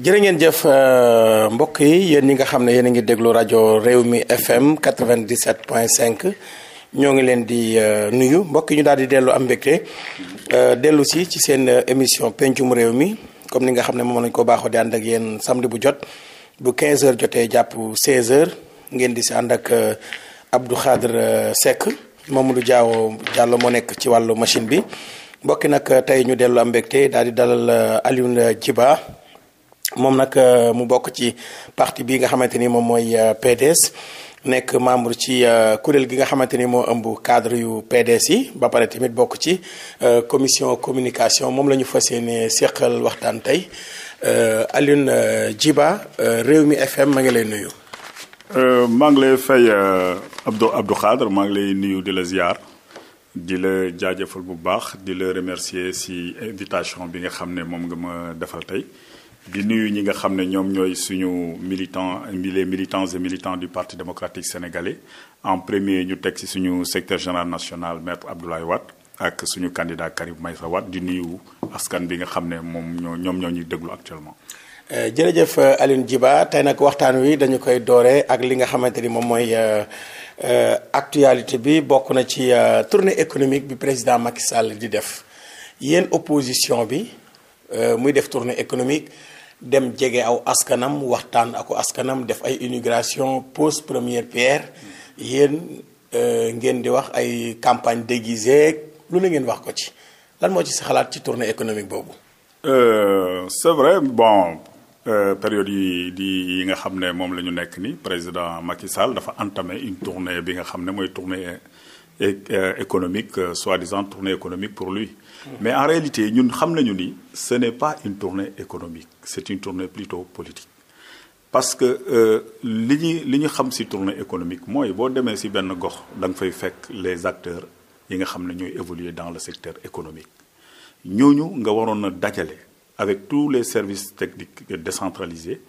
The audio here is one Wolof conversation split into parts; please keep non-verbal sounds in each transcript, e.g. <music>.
jërë ngeen jëf euh, mbokk yi yéen ñi nga xam ne yéen a ngi déglu rajo réew mi FM 97.5 ñoo ngi leen di euh, nuyu mbokk yi ñu daal di dellu am mbégte euh, dellu si ci seen émission pencum réew mi comme ni nga xam ne moom lañ ko baaxoo di ànd ak yéen samedi bu jot bu 15h jotee jàpp 16h ngeen di si ànd ak Abdou Khadre Seck Mamadou jaawoo Diallo moo nekk ci wàllu machine bi mbokki nag tey ñu dellu am mbégte daal di dalal Alioune Djiba moom nag euh, mu bokk ci parti bi nga xamante ni moom mooy euh, PDS nekk membre ci euh, kuréel gi nga xamante ni moo ëmb cadre yu PDS yi ba pare tamit bokk ci commission communication moom la ñu fas yéene seqal waxtaan tey jiba réew mi FM ma ngi lay nuyu. maa ngi lay fay Abdou Abdou Khadre maa ngi lay nuyu di la ziar di la jaajëfal bu baax di la remercier si invitation bi nga xam ne moom nga ma defal tey. di nuyu ñi nga xam ne ñoom ñooy suñu militant les militants et du parti démocratique sénégalais en premier ñu teg ci suñu secteur général national maître Abdoulaye Wade ak suñu candidat Karim Meïssa Wade di nuyu askan bi nga xam ne moom ñoo ñoom ñoo ñu déglu actuellement. Euh, jërëjëf euh, Alioune Djiba tey nag waxtaan wi dañu koy dooree ak li nga xamante ni moom mooy euh, actualité bi bokk na ci tournée économique bi président Macky Sall di def yéen opposition bi muy def tournée économique. dem jege aw askanam waxtaan ak askanam def ay inauguration pose première pierre yéen euh, ngeen di wax ay campagne déguisée lu la ngeen wax ko ci lan moo ci sa xalaat ci tournée économique boobu. Euh, c'est vrai bon euh, période yi di yi nga xam ne moom la ñu nekk ni président Macky Sall dafa entamé une tournée bi nga xam ne mooy tournée économique soi-disant tournée économique pour lui. mais en réalité ñun xam nañu ni ce n'est pas une tournée économique c'est une tournée plutôt politique parce que euh, li ñuy li ñu xam si tournée économique mooy boo demee si benn gox danga fay fekk les acteurs yi nga xam ne ñooy évoluer dans le secteur économique ñooñu nga waroon a dajale avec tous les services techniques décentralisés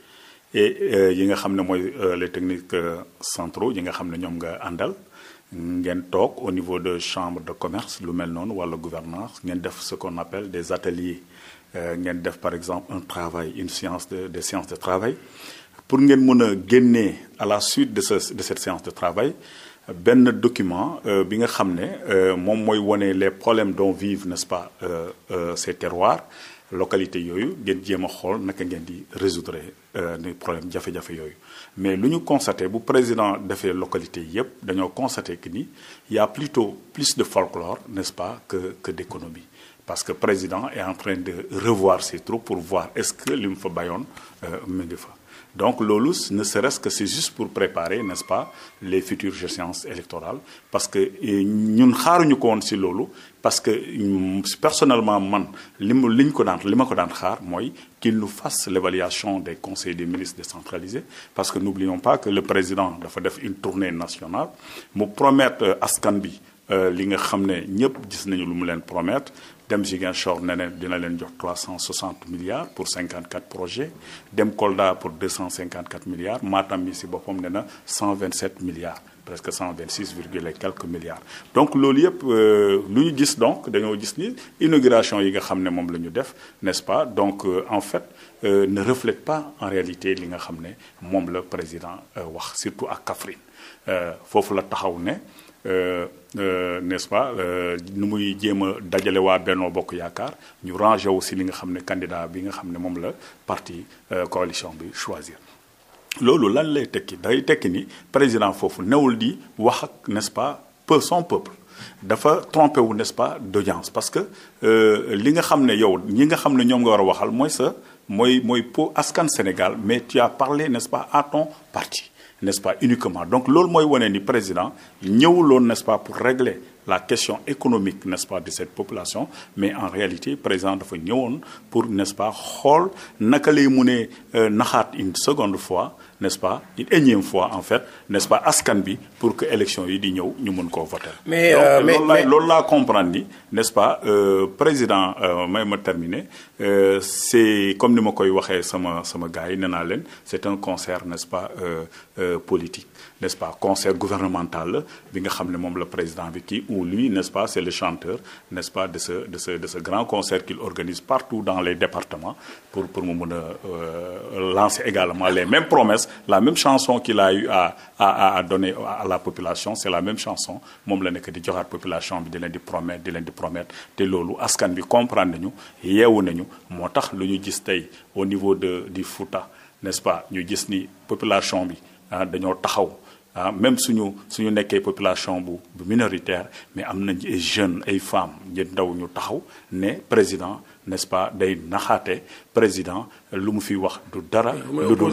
et euh, yi nga xam ne mooy euh, les techniques centraux yi nga xam ne ñoom nga àndal ngeen toog au niveau de chambre de commerce lu mel noonu wala gouvernance ngeen def ce qu'on appelle des ateliers euh, ngeen def par exemple un travail une séance de des séances de pour ngeen mën a génnee la suite de de cette séance de travail benn document euh, bi nga xam ne euh, moom mooy wone les problèmes dont vivent n'est-ce pas ces terroirs localité yooyu ngeen jéem a xool naka ngeen di résoudre ni problème jafe-jafe yooyu mais lu ñu constaté bu président defee localité yëpp dañoo constaté que ni y a plutôt plus de folklore n'est-ce pas que que d'économie parce que président est en train de revoir ses troupes pour voir est-ce que li mu fa bayoon euh, mu ngi fa donc loolu ne serait-ce que c'est juste pour préparer ne ce pas les futures échéances électorales parce que ñun xaaruñu ko woon ci loolu parce que personnellement man li mu li ñu ko daan li ma ko daan xaar mooy qu'il nous fasse l'évaluation des conseils des ministres décentralisés parce que n'oublions pas que le président dafa def une tournée nationale mu promettre euh, askan bi euh, li nga xam ne ñëpp gis nañu lu mu leen promettre dem Ziguinchor ne ne dina leen jox 360 milliards pour 54 projets dem Kolda pour 254 milliards Matam bi si boppam ne na 127 milliards presque cent vingt six virgule et quelques milliards donc loolu yëpp euh, lu ñu gis donc dañoo gis ni inauguration yi nga xam ne moom la ñu def n'est-ce pas donc euh, en fait euh, ne reflète pas en réalité li nga xam ne moom la président euh, wax surtout ak Kaffrine foofu la taxaw ne Euh, n'est-ce nu muy jéem a dajale waa Benno Bokk Yaakaar ñu rangé wu li nga xam ne candidat bi nga xam ne moom la parti coalition bi choisir loolu lan lay tekki day tekki ni président foofu newul di wax ak n'est-ce pas peu son peuple dafa trompé wu n'est-ce pas d'audience parce que euh, li nga xam ne yow ñi nga xam ne ñoom nga war a waxal mooy sa mooy mooy po askan Sénégal mais tu as parlé n'est-ce pas à ton parti n'est-ce pas uniquement donc loolu mooy wane ni président ñëwuloon n'est-ce pas pour régler la question économique n'est-ce pas de cette population mais en réalité président dafa ñëwoon pour n'est-ce pas xool naka lay mu ne euh, naxaat une seconde fois n'est-ce pas une énième fois en fait n'est-ce pas askan bi pour que élection yi di ñëw ñu mun koo voter. mais donc euh, loolu laa loolu laa ni n'est-ce pas euh, président euh, may ma terminer c'est comme ni ma koy waxee sama sama gars yi nee naa leen c'est un concert n'est-ce pas politique. n'est-ce pas concert gouvernemental bi nga xam ne moom la président bi kii ou lui n'est-ce pas c'est le chanteur n'est-ce pas de ce de ce pour pour mu mën a euh, également les mêmes promesses la même chanson qu'il a eu la population c'est la même chanson moom la nekk di joxaat population bi di leen di promettre di leen di promettre te loolu askan bi comprendre nañu yeewu nañu moo tax lu ñu gis tey au niveau de du Fouta n'est-ce pas ñu gis ni population bi ah, dañoo taxaw ah même suñu suñu nekkee population bu bu minoritaire mais am na ay jeunes ay femmes ñu ndaw ñu taxaw ne président n'est-ce day naxaate président lu mu fi wax du dara. lu dul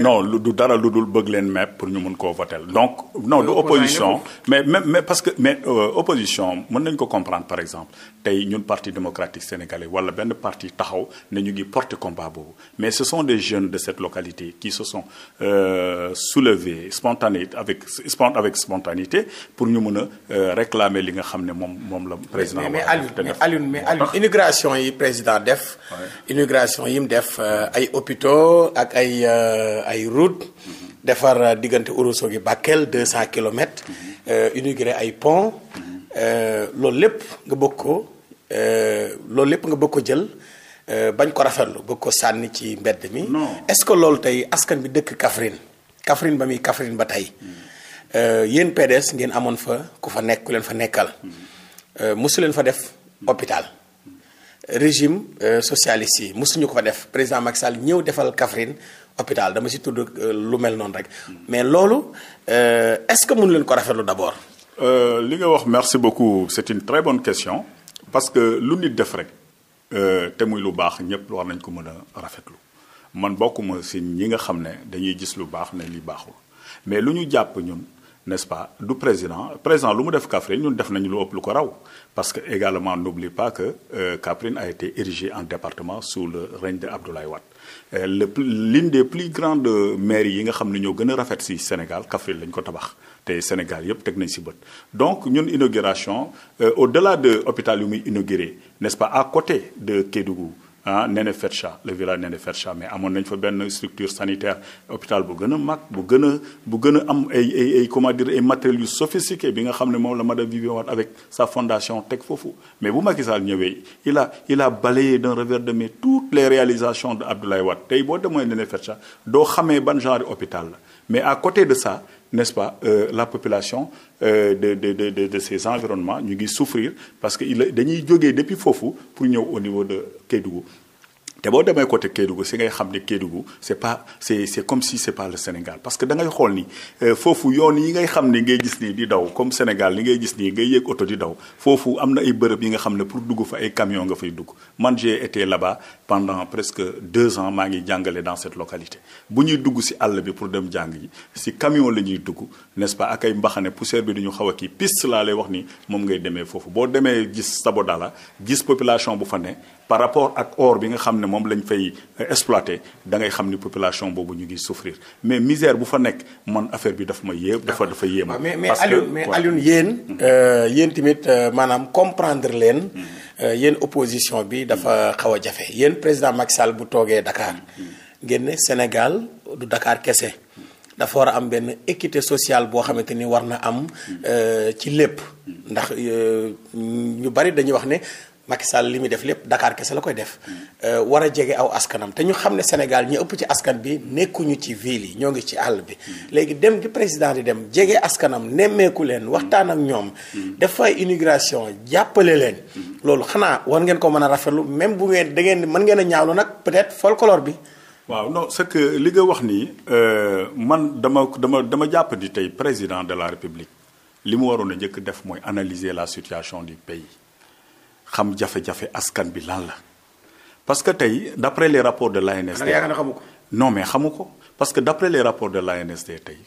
non lu du dara lu dul bëgg leen mepp pour ñu mun koo votel donc non du opposition mais même mais parce que mais euh, opposition mën nañu ko comprendre par exemple tey ñun parti démocratique sénégalais wala benn parti taxaw ne ñu ngi porter combat boobu mais ce sont des jeunes de cette localité qui se sont euh, soulevés spontané avec spont avec spontanéité pour ñu mun a euh, réclamer li nga xam ne moom moom la président. mais mais Alioune mais Alioune immigration yi président def. inauguration yi mu def euh, ay hôpitaux ak ay euh, ay routes defar euh, diggante Ourossogui Bakel deux cent kilomètres inauguré ay pont loolu lépp nga bëgg ko loolu lépp nga bëgg ko jël bañ ko rafetlu bëgg ko sànni ci mbedd mi est-ce que loolu tey askan bi dëkk Kaffrine Kaffrine ba muy Kaffrine ba tey yéen PDS ngeen amoon fa ku fa nekk ku leen fa nekkal mm-hmm. mosu leen fa def hôpital régime euh, socialiste yi mosuñu ko def président Macky Sall ñëw defal Kaffrine hôpital dama si tudd euh, lu mel noonu rek mais loolu euh, est-ce que mënu leen ko rafetlu d'abord. li nga wax merci beaucoup c'est une très bonne question parce que lu nit def rek te muy lu baax ñëpp wax nañ ko mën a rafetlu man bokkuma si ñi nga xam ne dañuy gis lu baax ne li baaxul mais lu ñu jàpp ñun. n'est-ce pas du président président lu mu def Kaffrine ñun def nañu lu ëpp lu ko raw parce que également n'oublie pas que euh, Kaffrine a été érigée en département sous le règne de Abdoulaye Wade euh, le l'une des plus grandes mairies yi nga xam ne ñoo gën a rafet ci Sénégal Kaffrine lañ ko tabax te Sénégal yëpp teg nañ si bët donc ñun inauguration euh, au-delà de hôpital yu muy inauguré n'est-ce pas à côté de Kédougou ah Nénéfercha le village Nénéfercha mais amoon nañ fa benn structure sanitaire hôpital bu gën a mag bu gën a bu gën a am ay ay ay comment dire ay matériels yu sophistiqué bi nga xam ne moom la madame Viviane Wade avec sa fondation teg foofu mais bu Macky Sall ñëwee il a il a balayé d'un revers de main toutes les réalisations de Abdoulaye Wade tey boo demee Nénéfercha doo xamee ban genre hôpital la mais à côté de ça n'est-ce pas euh, la population euh, de de de de ces environnements ñu ngi souffrir parce que il dañuy jógee depuis foofu pour ñëw au niveau de Kédougou te boo demee côté Kédougou si ngay xam ne Kédougou c'est pas c'est c'est comme si c'est pas le Sénégal parce que dangay ngay xool ni euh, foofu yoon yi ngay xam ni ngay gis nii di daw comme Sénégal li ngay gis nii ngay yéeg oto di daw foofu am na ay bërëb yi nga xam ne pour dugg fa ay camion nga fay dugg man j'ai été là-bas pendant presque deux ans maa ngi jàngale dans cette localité bu ñuy dugg si àll bi pour dem jàng yi si camion la ñuy dugg n'est-ce pas ak ay mbaxane poussière bi duñu xaw a kii piste laa lay wax ni moom ngay demee foofu boo demee gis Sabodala gis population bu fa nekk par rapport ak or bi nga xam ne moom lañ fay euh, exploité da ngay xam ni population boobu ñu ngi souffrir mais misère bu fa nekk man affaire bi daf ma yéem dafa dafa yéem. parce ah, mais mais Alioune mais Alioune yéen euh, tamit euh, maanaam comprendre leen. Mm-hmm. Euh, yéen opposition bi dafa xaw a jafe yéen président Macky Sall bu toogee Dakar ngeen ne Sénégal du dakaar kese dafa war a am benn équité sociale boo xamante ni war na am euh, ci lépp ndax euh, ñu bari dañuy wax ne Macky Sall li muy def lépp dakaar kese la koy def. Euh, war a jege aw askanam te ñu xam ne Sénégal ñi ëpp ci askan bi nekkuñu ci ville yi ñoo ngi ci àll bi. Mm. léegi dem gi président di dem jege askanam nemmeeku leen mm. waxtaan ak ñoom. Mm. dafa immigration jàppale leen. loolu xanaa war ngeen ko mën a rafetlu même bu ngeen da ngeen mën ngeen a ñaawlu nag peut-être folklore bi. waaw no c'est que li nga wax nii euh, man dama dama dama jàpp di tey président de la république li mu waroon a njëkk def mooy analyser la situation du pays. xam jafe-jafe askan bi lan la parce que tey d' les rapports de l' ANSD. non mais xamu ko parce que d' les rapports de l' ANSD tey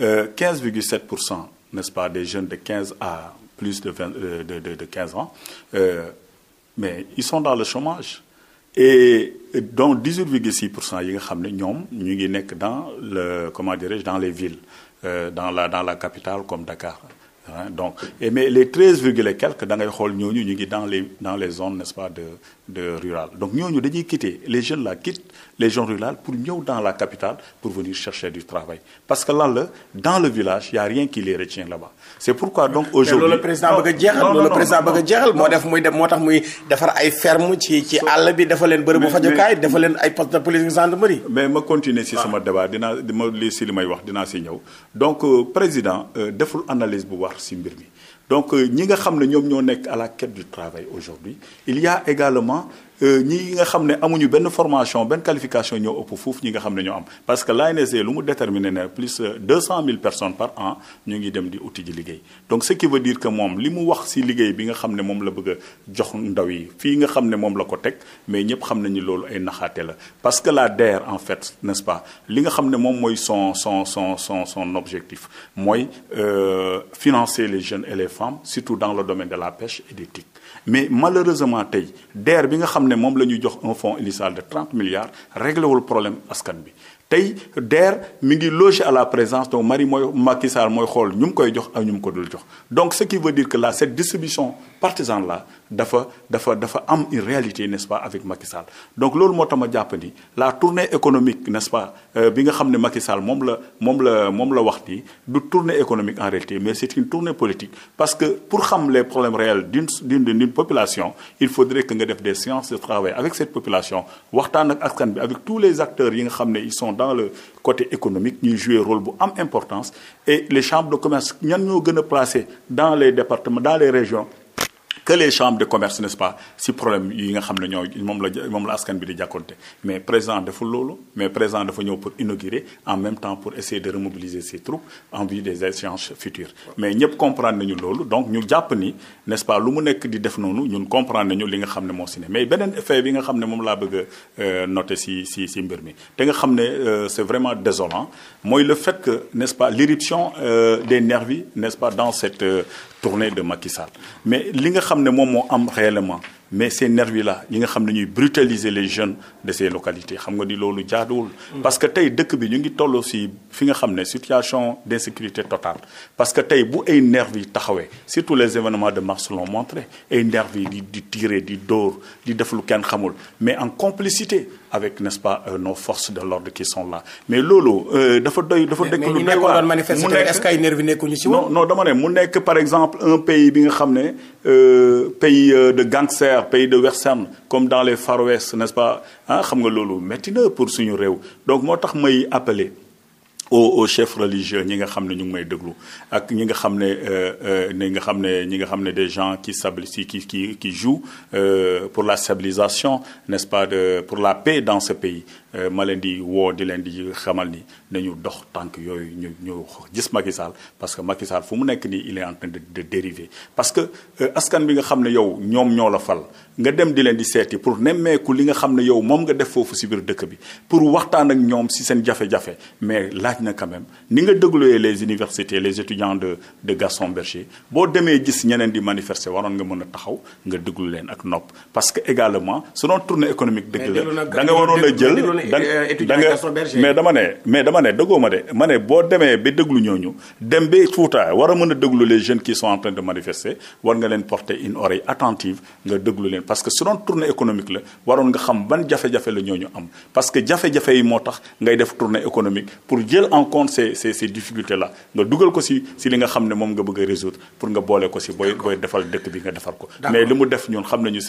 euh, 15,7 pour cent n' ce pas des jeunes de 15 à plus de 20 euh, de de de 15 ans euh, mais ils sont dans le chômage. et donc 18,6 pour cent yi nga xam ne ñoom ñu ngi nekk dans le comment dirais dans les villes euh, dans la dans la capitale comme Dakar. Hein, donc et mais les treize virgule et quelques xool ñooñu ñu ngi dans les dans les zones n'est-ce pas de de donc ñooñu dañuy quitter les jeunes là quittent les zones rurales pour ñëw dans la capitale pour venir chercher du travail parce que lan la dans le village y a rien qui les retient là-bas c'est pourquoi donc aujourd'hui loolu président bëgg a jeexal loolu moo def moo tax muy defar ay ferme ci ci àll bi dafa leen bërëbu fajukaay dafa leen ay poste de police gendarmerie mais ma continuer si ah. sama débat dinaa ma li si li may wax euh, président euh, deful analyse bu wax si mbir mi donc euh, ñi nga xam ne ñoom ñoo nekk à la quête du travail aujourd'hui il y également Euh, ñi nga xam ne amuñu benn formation benn qualification ñoo ëpp foofu ñi nga xam ne ñoo am parce que l'ANSD lu mu déterminé ne plus deux cent mille personnes par an ñu ngi dem di uti ji liggéey donc ce qui veut dire que moom li mu wax si liggéey bi nga xam ne moom la bëgg a jox ndaw yi fii nga xam ne moom la ko teg mais ñëpp xam nañu loolu ay naxaate la parce que la DER en fait nest pa li nga xam ne moom mooy son son son son son objectif mooy euh, financer les jeunes et les femmes surtout dans le domaine de la pêche et des mais malheureusement tey DER bi nga xam ne moom la ñu jox un fonds initial de 30 milliards réglé wul problème askan bi tey DER mi ngi logé à la présence donc mari mooy Macky Sall mooy xool ñu mu koy jox ak ñu mu ko dul jox donc ce qui veut dire que là cette distribution partisan la dafa dafa dafa am une réalité n'est-ce pas avec Macky Sall donc loolu moo tax ma jàpp ni la tournée économique n'est-ce euh, bi nga xam ne Macky moom la moom la moom la wax nii du tournée économique en réalité mais c'est une tournée politique parce que pour xam les problèmes réels d'une d'une d'une population il faudrait que nga def des séances de travail avec cette population waxtaan ak askan bi avec tous les acteurs yi nga xam ne ils sont dans le côté économique ñuy jouer rôle bu am importance les chambres de commerce ñan ñoo gën a placé dans les départements les régions que les chambres de commerce n'est-ce pas si problème yi nga xam ne ñoo moom la moom la askan bi di jàkkonte mais président deful loolu mais président dafa ñëw pour inaugurer en même temps pour essayer de remobiliser ses troupes en vue des échéances futures mais ñëpp comprendre nañu loolu donc ñu jàpp ni n'est-ce pas lu mu nekk di def noonu ñun comprendre nañu li nga xam ne moo si ne mais beneen effet bi nga moom laa bëgg a euh, noter si si si mbir mi te nga xam ne euh, c'est vraiment désolant mooy le fait que nest euh, des nervis n'est-ce pas dans tournée de Macky Sall mais li nga xam ne moom moo am réellement mais ces nervis là ñi nga xam ne ñuy brutaliser les jeunes de ces localités xam nga ni loolu jaaduwul. parce que tey dëkk bi ñu ngi toll si fi nga xam ne situation d' insécurité totale. parce que tey bu ay nervis yi taxawee surtout les événements de mars l'ont montré ay nervis yi di di tirer di dóor di def lu kenn xamul mais en complicité. avec n'est-ce pas euh, nos forces de l'ordre qui sont là mais loolu euh, dafa doy dafa dëkk lu doy waar mu nekk non non dama ne mu nekk par exemple un pays bi nga xam ne euh, pays de gangsters pays de western comme dans les Far West n'est-ce pas ah xam nga loolu métti na pour suñu réew donc moo tax may appeler au au chef religieux ñi nga xam ne ñu ngi may déglu ak ñi nga xam ne ñi euh, euh, nga xam ne ñi nga xam ne des gens qui stabilisent qui qui qui jouent euh, pour la stabilisation n'est-ce pas de pour la paix dans ce pays Euh, ma leen di woo di leen di xamal ni nañu dox tànk yooyu ñu ñu gis Macky parce que Macky Sall fu mu nekk nii il est en train de de parce que euh, askan bi nga xam ne yow ñoom ñoo la fal nga dem di leen di seeti pour nemmeeku li nga xam ne yow moom nga def foofu si biir dëkk bi pour waxtaan ak ñoom si seen jafe-jafe mais laaj na quand ni nga dégluwee les universités les étudiants de de Gaston Berger boo demee gis ñeneen di manifester waroon nga mën a taxaw nga déglu leen ak nopp da nga euh, mais dama ne mais dama ne dëggoo ma de ma ne boo demee ba déglu ñooñu dem ba Fuuta war a mën a déglu les jeune qui sont en train de manifester war nga leen porter une oreille attentive nga déglu leen parce que su doon tournée économique la waroon nga xam ban jafe-jafe la ñooñu am parce que jafe-jafe yi moo tax ngay def tournée économique pour jël en compte ces ces ces difficultés nga dugal ko si si li nga xam ne moom nga bëgg a résoudre pour nga boole ko si booy booy defal dëkk nga defar ko mais li mu def ñun xam nañu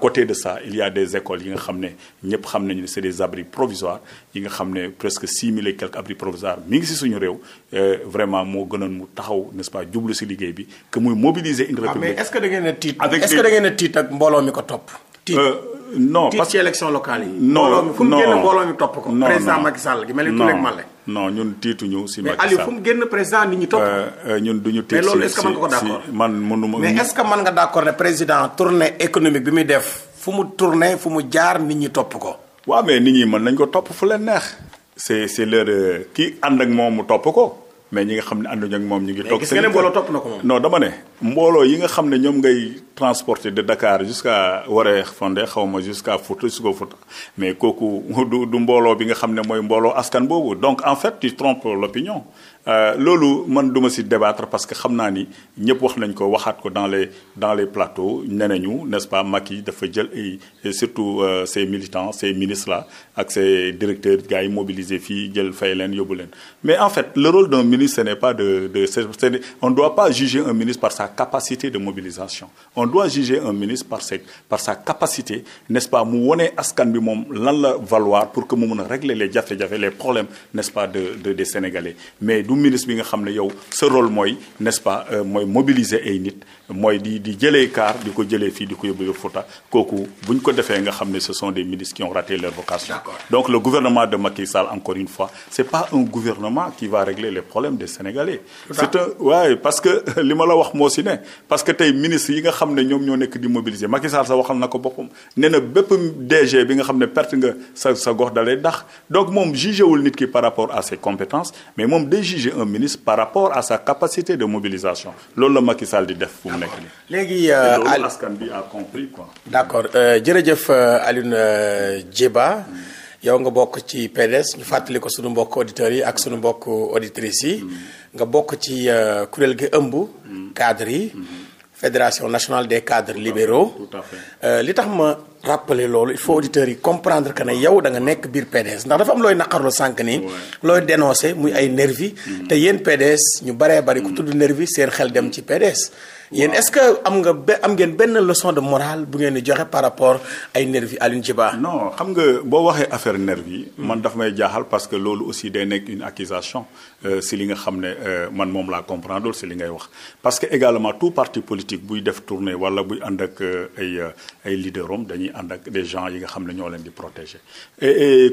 côté de ça il des écoles yi nga xam ne ñëpp xam nañu ne c'est des abris provisoires yi nga xam ne presque six mille et quelques abris provisoires mi ngi si suñu réew euh, moo gënoon mu taxaw n'est-ce pas jublu si liggéey bi que muy mobiliser une ah, république. mais est ko topp. tiit euh, non parce yi. non non fu mu génn mbooloo mi topp ko. président Macky Sall gi mel ni si Macky Sall mais Aliou fu mu génn président nit ñi topp euh, ñun duñu tiit nga ko d'accord man mënuma mais est-ce tournée économique bi muy def fu mu tourné fu mu jaar nit ñi topp ko. waaw mais nit ñi mën nañ ko topp fu leen neex c'est c'est leur kii ànd ak moom mu topp ko mais ñi nga xam ne ànduñu ak moom ñu ngi toog seen topp na ko moom non dama ne mbooloo yi nga xam ne ñoom ngay transporter de Dakar jusqu'à Woré Fondé xaw ma jusqu'à su jusqu'au Fouta mais kooku <laughs> du du mbooloo bi nga xam ne mooy mbooloo askan boobu donc en fait tu trompes l'opinion Euh, loolu man du ma si débattre parce que xam naa ni ñëpp wax nañ ko waxaat ko dans les dans les plateaux nee nañu n'est-ce pas Macky dafa jël surtout ces euh, militants ces ministres là ak ces directeurs gars yi mobilisé fii jël fay leen yóbbu leen mais en fait le rôle d'un ministre ce n'est pas de de on ne pas juger un ministre par sa capacité de mobilisation on doit juger un ministre par ses par sa capacité n'est-ce pas mu wone askan bi moom lan la valoir pour que mu mën a régler les jafe-jafe les problèmes nest de de du ministre bi nga xam ne yow sa role mooy n'est-ce euh, mooy mobiliser ay nit mooy di di jëlee kaar di ko jëlee fii di ko yóbbu Fouta kooku bu ñu ko defee nga xam ne ce sont des ministres qui ont raté leur vocation. donc le gouvernement de Macky Sall encore une fois c'est pas un gouvernement qui va régler les problèmes des Sénégalais. c'est un waaye parce que <laughs> li ma la wax moo si ne parce que tey ministres yi nga xam ne ñoom ñoo nekk di mobiliser Macky Sall sa waxal na ko boppam nee na bépp DG bi nga xam ne perte nga sa sa gox dalay dax donc moom jugé wul nit ki par rapport à ses mais moom day juger ministre par rapport à sa capacité de mobilisation loolu la def. nekk nii. léegi euh, Aliou askan bi a d' accord euh, jërëjëf euh, Alioune Djeba. Mm. yow nga bokk ci PDS ñu fàttali ko suñu mbokk auditeurs yi ak suñu mbokk auditrices yi. Mm. nga bokk ci kuréel gi ëmb. Mm. cadres yi. Mm-hmm. fédération nationale des cadres libéraux. tout à li tax ma rappeler loolu il faut auditeurs yi comprendre que ne yow da nga nekk biir PDS ndax dafa am looy naqarlu sànq nii. looy dénoncé muy ay nervi mm-hmm. te yéen PDS ñu baree bari ku mm-hmm. tudd nervi seen xel dem ci PDS. yéen est-ce que am nga be am ngeen benn leçon de morale bu ngeen di joxe par rapport ay nervi Aliou Djiba non xam nga boo waxee affaire nervi hmm. man dafa may jaaxal parce que loolu aussi day nekk une accusation euh, si li nga xam ne euh, man moom laa comprendre loolu si li ngay wax parce que également tout parti politique buy def tournée wala buy ànd ak euh, ay ay leader dañuy ànd ak des gens yi nga xam ne ñoo leen di protéger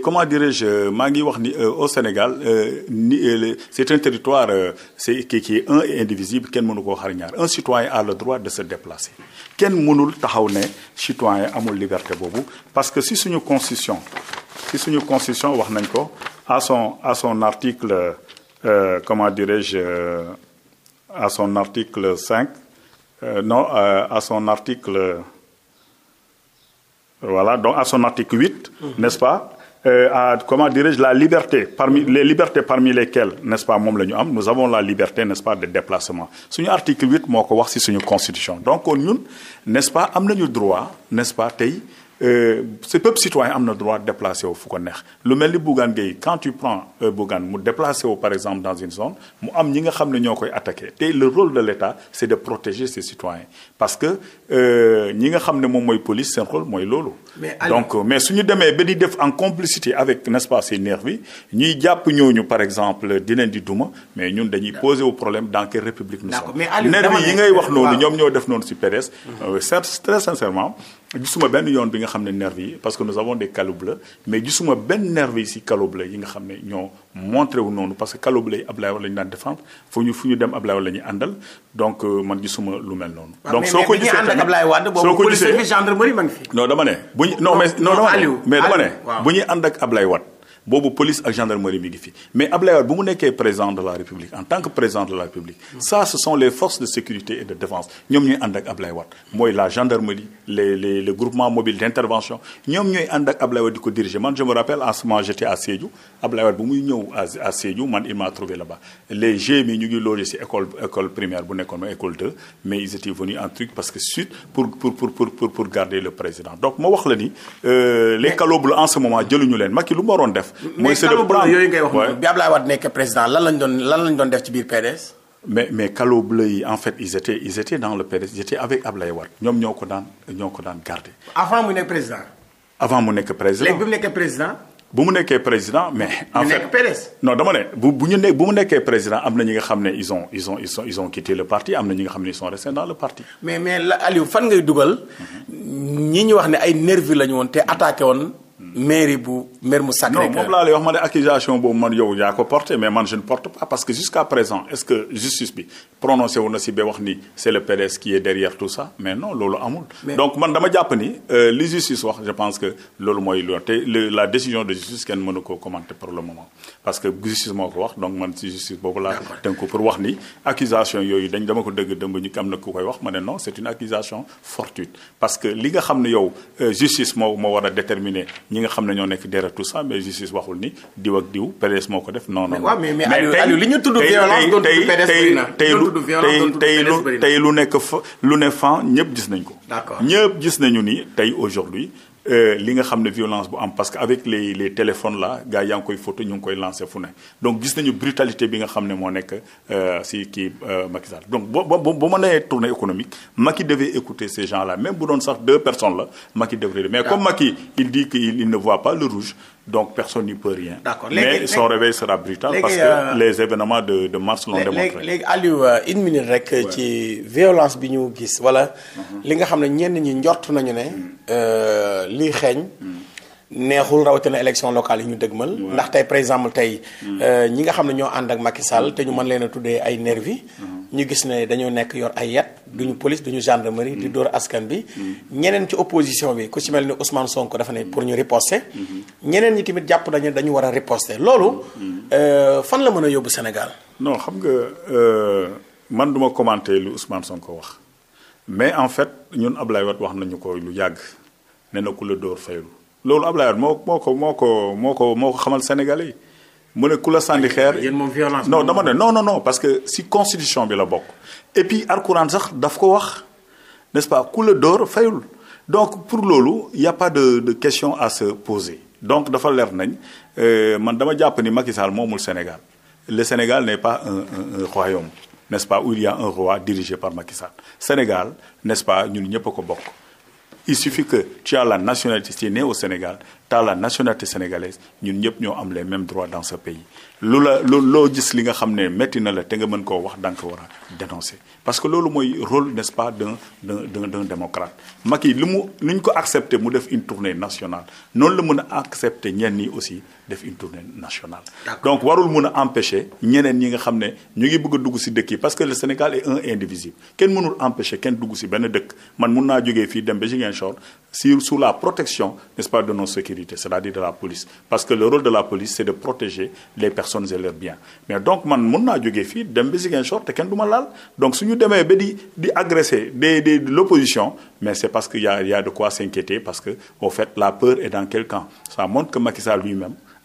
comment dirais-je maa ngi wax ni au Sénégal ni c'est un territoire c'est qui est un et indivisible kenn mënu koo xar ñaar un citoyen a le droit de se déplacer kenn mënul taxaw ne citoyen amul liberté boobu parce que si suñu constitution si suñu constitution wax nañ ko à son à son article euh, comment dirais-je euh, à son article cinq euh, non euh, à son voilà donc à son article huit mhm. n'est-ce pas euh, à comment dirais-je la liberté parmi les libertés parmi lesquelles n'est-ce pas moom la ñu am nous avons la liberté n'est-ce pas de déplacement suñu article 8 moo ko wax ci suñu constitution donc kon ñun n'est-ce pas am nañu droit n'est-ce pas tey Euh, ce peuple citoyen am na droit déplacé wu fu ko neex lu mel ni Bougane Gueye quand tu prends euh, Bougane mu déplacé wu par exemple dans une zone mu am ñi nga xam ne ñoo koy attaqué te le rôle de l'État c'est de protéger ses parce que euh, ñi nga xam ne moom mooy police seen rôle mooy loolu donc mais suñu demee ba di def en complicité avec n'est-ce pas ces nervis ñuy jàpp ñooñu par exemple di di duma mais ñun dañuy poser au problème dans quelle république nous sommes yi ngay wax noonu ñoom ñoo def noonu ci PDS mmh. très sincèrement gisuma benn yoon bi nga xam ne nervi yi parce que nous avons des calots bleus mais gisuma benn nervi yi si calots yi nga xam ne ñoo montré wu noonu parce que calots bleus yi Ablaye Wade la ñu daan défendre fu ñu fu ñu dem Ablaye Wade la ñuy àndal donc euh, man gisuma lu mel noonu. donc soo ko gisee tamit soo ko gisee non dama ne. bu ñu non mais non dama ne mais dama ne bu ñuy ànd ak ab lay Wade boobu police ak gendarmerie mi ngi fi mais Abdoulaye Wade bu mu nekkee président de la République en tant que président de la République mm. ça ce sont les forces de sécurité et de défense ñoom ñooy ànd ak Abdoulaye Wade mooy la gendarmerie le groupement mobile d'intervention ñoom ñooy ànd ak Abdoulaye Wade di ko diriger man je me rappelle en ce moment j'étais à Sédhiou Abdoulaye Wade bu muy ñëw à Sédhiou man il m'a trouvé là-bas les ñu ngi logé école école primaire bu nekkoon ma école 2 mais ils étaient venus en truc parce que suite pour pour pour pour pour garder le président ma wax euh, lu mu waroon def mooy c'est le plan yooyu ngay wax bi Abdoulaye Wade nekk président lan lañ doon lan lañ doon def ci biir PDS. mais mais calots bleus yi en fait ils étaient ils étaient dans le PDS ils étaient avec Abdoulaye Wade ñoom ñoo ko daan ñoo ko daan garder. avant mu nekk président. avant mu nekk président léegi bi mu nekkee président. bu mu nekkee président mais. en fait non dama ne bu bu ñu nekkee président am na ñi nga xam ne ils ont ils ont ils ont ils ont quitté am na ñi nga xam ne ils sont restés dans le parti. mais mhm. ñu wax ne ay nervi lañu woon te attaqué woon. mairie bu maire mu Sacré-Cœur. non moom laa lay wax ma ne accusation boobu man yow yaa ko porté mais man je porte pas parce que que justice bi prononcé wu na si ba wax ni c'est le PDS qui est derrière tout ça mais non loolu amul. donc man dama jàpp ni euh, li justice wax je pense que loolu mooy lu te la décision de justice kenn mënu ko commenter pour le moment parce que justice moo ko wax donc man si justice boobu laa tënku pour wax ni accusation yooyu dañ dama ko dëgg dëmb ñu am na ku wax ma ne non c'est une parce que li nga xam ne yow euh, justice moo moo war a déterminer. ñi nga xam ne ñoo nekk derrière tout ça mais justice waxul ni diw ak diw PDS moo ko def non non. mais mais Aliou li ñu tudd violence doon tudd PDS bëri tey lu tey lu nekk fa lu ne fan ñëpp gis nañ ko. d'accord ñëpp gis nañu ni tey aujourd'hui Euh, li nga xam ne violence bu am parce que avec les les téléphones là gars yaa ngi koy photo ñu ngi koy lancé fu ne donc gis nañu brutalité bi nga xam ne moo nekk euh, si kii euh, Macky Sall donc boo boo boo ma nee tournée économique Macky devait écouter ces gens là même bu doon sax deux personnes la Macky devrait mais ah. comme Macky il dit que il ne voit pas le rouge donc personne n'y peut rien. d'accord léegi mais son réveil sera brutal. parce que euh, les événements de de mars l'ont démontré. léegi Aliou euh, une minute rek. ci violence bi ñu gis. wala mhm. li nga xam ne ñenn ñi njort nañu ne. Mhm. Euh, li xeeñ. Mhm. neexul rawatina élection locale yi ñu dëgmal. ndax tey par exemple tey. Mm. Euh, ñi nga xam ne ñoo ànd ak Macky Sall mm. te ñu man leen a tuddee ay nervie mm. ñu gis ne dañoo nekk yor ay yat duñu police duñu gendarmerie. di dóor askan bi. ñeneen ci opposition bi ku ci mel ni Ousmane Sonko dafa ne pour ñu riposter. Mm-hmm. ñeneen ñi tamit jàpp nañu dañu war a riposter loolu. Mm-hmm. Euh, fan la mën a yóbbu senegal non xam nga euh, man duma commenter lu Ousmane Sonko wax mais en fait ñun Ablaye Wade wax nañu ko lu yàgg nee na dóor fayul. loolu Abdoulaye Wade moo moo ko moo ko moo ko moo ko xamal Sénégalais yi mu ne ku la sànni xeer non dama ne non no non parce que si constitution bi la bokk et puis Alxuraan sax daf ko wax n'est-ce pas ku la dóor fayul donc pour loolu y a pas de question à se poser donc dafa leer nañ euh, man dama jàpp ni Macky Sall moomul Sénégal le Sénégal n'est pas un royaume nest pas où il y un roi dirigé par Macky Sall Sénégal nest pas ñun ñëpp a ko bokk il suffit que tu as la nationalité tu né au Sénégal tu as la nationalité sénégalaise ñun ñëpp ñoo am les mêmes droits dans ce pays lu la lu loo gis li nga xam ne métti na la te nga mën koo wax danga ko war a dénoncer parce que loolu mooy rôle n'est-ce pas d'un d'un d'un d'un démocrate Macky lu mu lu ñu ko accepté mu def une tournée nationale noonu la mun a accepté ñenn ñi aussi def une tournée nationale. donc warul mun a empêcher ñeneen ñi nga xam ne ñu ngi bëgg dugg si dëkk yi parce que le Sénégal est un indivisible kenn mënul empêcher kenn dugg si benn dëkk man mun naa jógee fii dem ba Ziguinchor sur sous la protection n'est-ce pas de nos sécurités c'est-à-dire de la police parce que le rôle de la police c'est de protéger les personnes et leurs biens mais donc man mun naa jógee fii dem ba Ziguinchor te kenn du ma laal donc suñu demee b di di agresser des des de que y parce que fait la peur est dans quel camp ça montre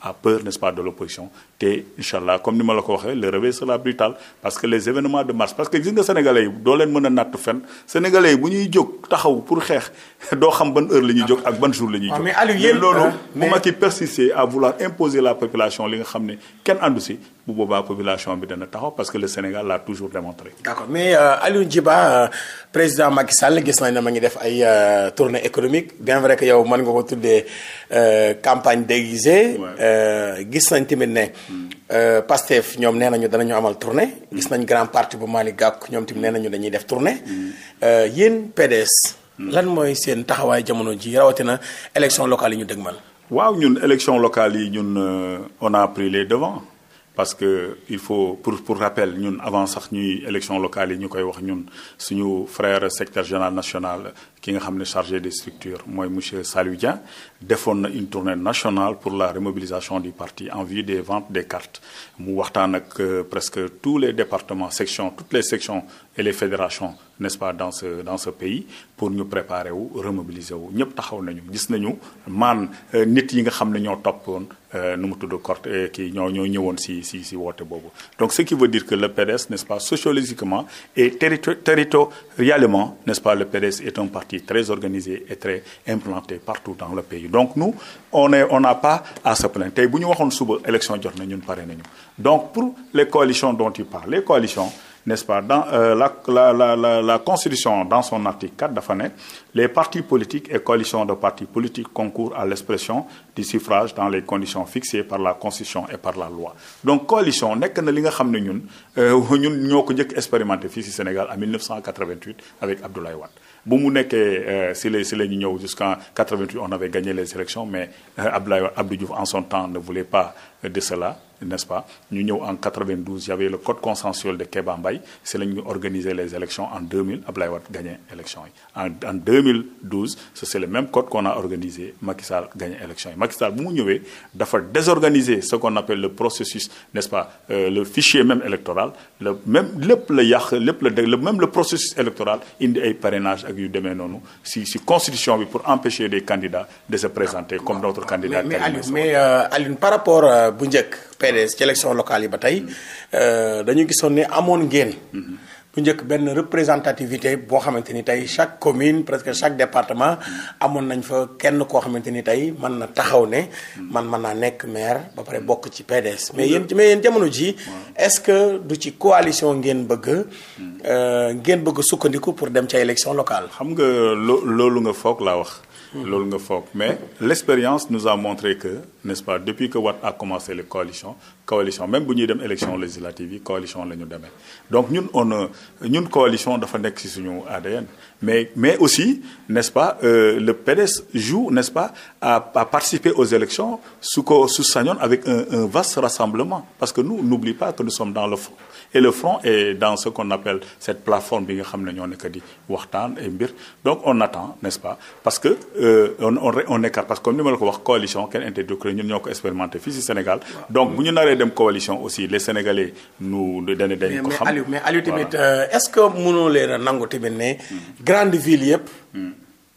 a peur n'est-ce pas de l'opposition te incha comme ni ma la ko waxee le réveil sera brutal parce que les événements de mars parce que gis nga sénégalais yi doo leen mën a natt fenn sénégalais yi bu ñuy jóg taxaw pour xeex <laughs> doo xam ban heure la ñuy jóg ak ban jour la ñuy ah, jóg mais loolu bu Macky persister à vouloir imposer la population li nga xam ne kenn àndu si bu boobaa population bi dana taxaw parce que le Sénégal l'a toujours démontré. d'accord mais euh, Aliou euh, président Macky Sall gis nañ ne ma ngi def ay euh, tournée économique bien vrai yow mën nga ko tuddee campagne déguisée. Euh, gis nañ tamit ne euh, Pastef ñoom nee nañu danañu amal tournée. gis nañ grand parti bu Malick Gakou ñoom tamit nee nañu dañuy def tournée. Euh, yéen PDS. lan mooy seen taxawaay jamono ji rawatina élection locale yi ñu dëgmal. waaw ñun élection locale yi ñun on a pris les devants parce que il faut pour pour rappel ñun avant sax ñuy élection locale yi ñu koy wax ñun suñu frère secteur général national ki nga xam ne chargé des structures mooy monsieur Saliou Dia defoon na une tournée national pour la remobilisation du parti en vue de ventes de cartes mu waxtaan ak euh, presque tous les départements sections toutes les sections et les fédérations n'est-ce pas dans ce dans ce pays pour ñu préparer wu remobiliser wu ñëpp taxaw nañu gis nañu maan euh, nit yi nga xam ne ñoo toppoon euh, nu mu tudd corte kii ñoo ñoo ñëwoon si si si woote boobu donc ce qui veut dire que le PDS n'est-ce pas sociologiquement qui est très organisée et très implantée partout dans le pays donc nous on n'a pas à se plaindre tey bu ñu waxoon suba élection jot na ñun pare nañu donc pour les coalitions dont tu parles les coalitions n'est-ce pas dans euh, la la la constitution dans son article 4 dafa ne les partis politiques et coalitions de partis politiques concourent à l'expression du suffrage dans les conditions fixées par la constitution et par la loi donc coalition nekk na li nga xam bu mu nekkee euh, si la si ñu ñëw jusqu'en 88 on avait gagné les élections mais euh, Abdoulaye Abdou Diouf en son temps ne voulait pas euh, de cela n'est-ce pas ñu ñëw en 92 y avait le code consensuel de Kéba Mbaye c'est la organiser les élections en 2000 Ablaye Wade gagné élection yi en en c'est le même code qu'on a organisé Macky Sall gagné élection yi Macky Sall bu mu ñëwee dafa désorganiser ce qu'on appelle le processus n'est-ce pas euh, le fichier même électoral le même lépp la yàq lépp la dégg même le processus électoral indi ay parrainage ak yu demee noonu si si constitution bi pour empêcher des candidats de se présenter PDS ci élection locale yi ba tey euh, dañu gisoon ni amoon ngeen. bu njëkk benn représentativité boo xamante ni tey chaque commune presque chaque département amoon nañ fa kenn koo xamante ni tey mën na taxaw ne man mën naa nekk maire ba pare bokk ci PDS mais yéen mais yéen jamono ji est-ce que du ci coalition ngeen bëgg euh, ngeen bëgg sukkandiku pour dem ca élection locale xam nga loolu nga foog laa wax loolu nga foog mais l'expérience nous a montré que n'est-ce pas depuis que Wade a commencé les coalitions coalition même bu ñuy dem élection législative yi coalition la ñu demee donc ñun on ñun coalition dafa nekk ci suñu ADN mais mais aussi n'est-ce pas euh, le PDS joue n'est-ce pas à, à participer aux élections su ko su sañoon avec un, un vaste rassemblement parce que nous n'oublie pas que nous sommes dans le front et le front est dans ce qu'on appelle cette plateforme bi nga xam ne ñoo nekk di waxtaan ay mbir donc on attend n'est-ce parce que euh, on on parce que comme ni ma la ko wax coalition kenn interdit ko ñun ñoo ko expérimenté fii ci Sénégal. donc bu ñu naree dem coalition aussi les Sénégalais nous dañu dañ ko xam mais Aliou mais tamit euh, est-ce que munoo leen a nangu tamit ne. Mm. grande ville yëpp. Mm.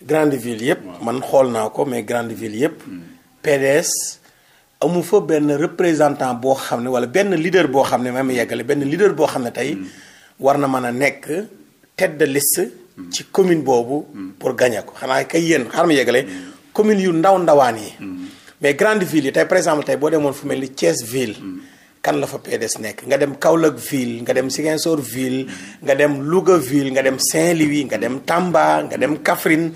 grande ville yëpp. man xool naa ko mais grande ville yëpp. Mm. PDS. amu fa benn représentant boo xam ne wala benn leader boo xam ne ma yeggale benn leader boo xam ne tey mm. war na mën a nekk tête de liste mm. ci commune boobu mm. pour gagner ko xanaa ka yéen xaaral ma yeggale commune yu ndaw ndawaan yi mais grande ville yi tey par exemple tey boo demoon fu mel ni Thiès ville kan la fa PDS nekk nga dem Kaolack ville nga dem Ziguinchor ville nga dem Louga ville nga dem Saint-Louis nga dem Tamba nga dem Kaffrine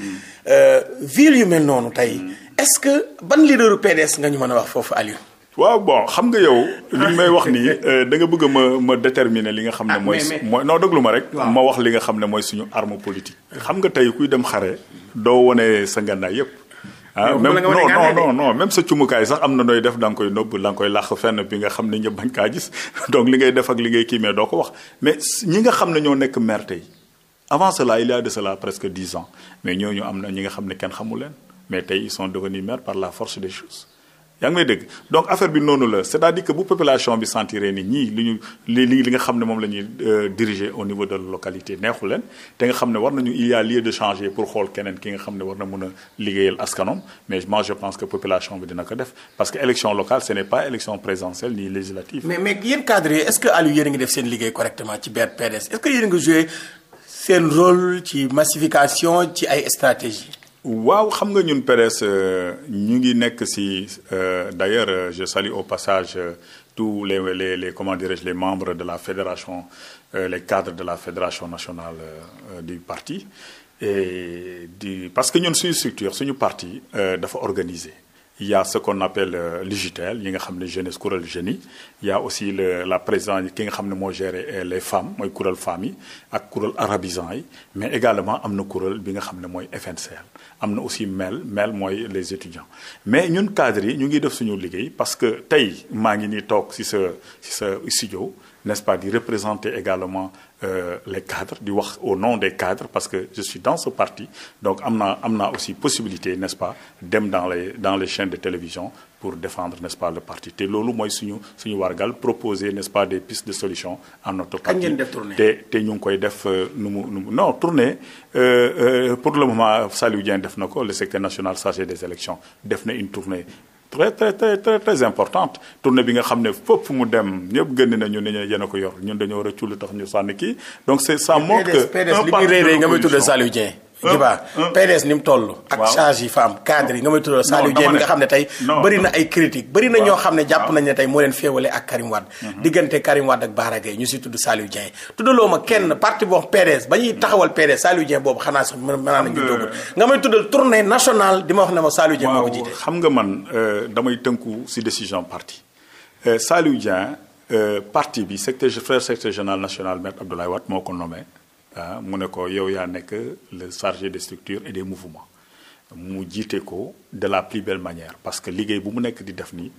euh, ville yu mel noonu tey est-ce que ban leaderu PDS nga ñu mën a wax foofu Aliou. waaw bon xam nga yow. Ah. li may wax nii euh, da nga bëgg ma ma déterminer li nga xam ne ah, mooy. mooy non déglu ma rek. ma wax li nga xam ne mooy suñu arme politique. xam nga tey kuy dem xare doo wane sa ngànnaay yëpp. ah même non non non non même sa cumukaay sax am na nooy def da nga koy nëbb da nga koy làq fenn bi nga xam ne ñëpp bañ kaa gis <laughs> donc li ngay def ak li ngay kiimee doo ko wax mais ñi nga xam ne ñoo nekk maire tey avant cela il y de cela presque dix ans mais ñooñu am na ñi nga xam ne kenn xamul leen mais tey ils sont devenus maires par la force des choses yaa ngi may dégg donc affaire bi noonu la c'est-à-dire que bu population bi sentiree ni ñii li ñu li nga xam ne moom la ñuy euh, diriger au niveau de la localité neexu te nga xam ne war nañu il y a lieu de changer pour xool keneen ki nga xam ne war na mën a liggéeyal askanom mais moi je pense que population bi dina ko def parce que élection locale ce n'est pas élection présidentielle ni législative. mais mais yéen ci biir ci massification ci ay waaw xam nga ñun PDS euh, ñu ngi nekk si euh, d'ailleurs euh, je salue au passage tous les les les comment dirais les membres de la fédération les cadres de la fédération nationale du parti et du parce que ñun suñu structure suñu parti dafa organisé. yaa y a ce qu'on appelle euh, l'UJTL ñi nga xam ne jeunesse kuréel jeunes yi y a aussi le la présidente ki nga xam ne moo géré euh, les femmes mooy kuréel femmes yi ak kuréel arabisant yi mais également am na kuréel bi nga xam ne mooy FNCL am na aussi MEL MEL mooy les étudiants mais ñun cadres yi ñu ngi def suñu liggéey parce que tey maa ngi nii toog ci sa ci sa studio n'est-ce pas di représenter également euh, les cadres di wax au nom des cadres parce que je suis dans ce parti donc am na am naa aussi possibilité n'est-ce pas dem dans les dans les chaînes de télévision pour défendre n'est-ce pas le parti te loolu mooy su suñu wargal proposer n'est-ce pas des pistes de solution à notre parti te te ñu ngi koy def euh, nu mu nu mu non tournée euh, euh, pour le moment Saliou Dieng def na ko le secrétaire national chargé des élections def na une tournée très très très très très importante tournée bi nga xam ne fépp mu dem ñëpp gën nañu ni ñu yéen a ko yor ñun dañoo rëccu lu tax ñu sànni kii donc c'est ça montre que un parti de l'opposition nga may tuddee Djiba PDS ni mu toll ak change yi fa am cadre nga may tuddal Saliou Dieng nga xam ne tey bëri na ay critique bëri na ñoo xam ne jàpp nañ ne tey moo leen féewale ak Karim mhm. diggante Karim Wade ak Bara Gaye ñu si tudd Saliou Dieng tuddaloo ma kenn parti boo PDS ba ñuy taxawal PDS Saliou Dieng boobu xanaa sax mën naa nañu dóogul nga may tuddal ma wax ne ma Saliou Dieng moo ko jiite xam nga man euh, damay tënku si décision parti euh, Saliou Dieng euh, parti bi secrétaire frère secrétaire général national maître Abdoulaye wat moo ko nommé ah mu ne ko yow yaa nekk le chargé de structures et des mouvements mu jiite ko de la plus belle manière parce que liggéey bu mu nekk di def nii.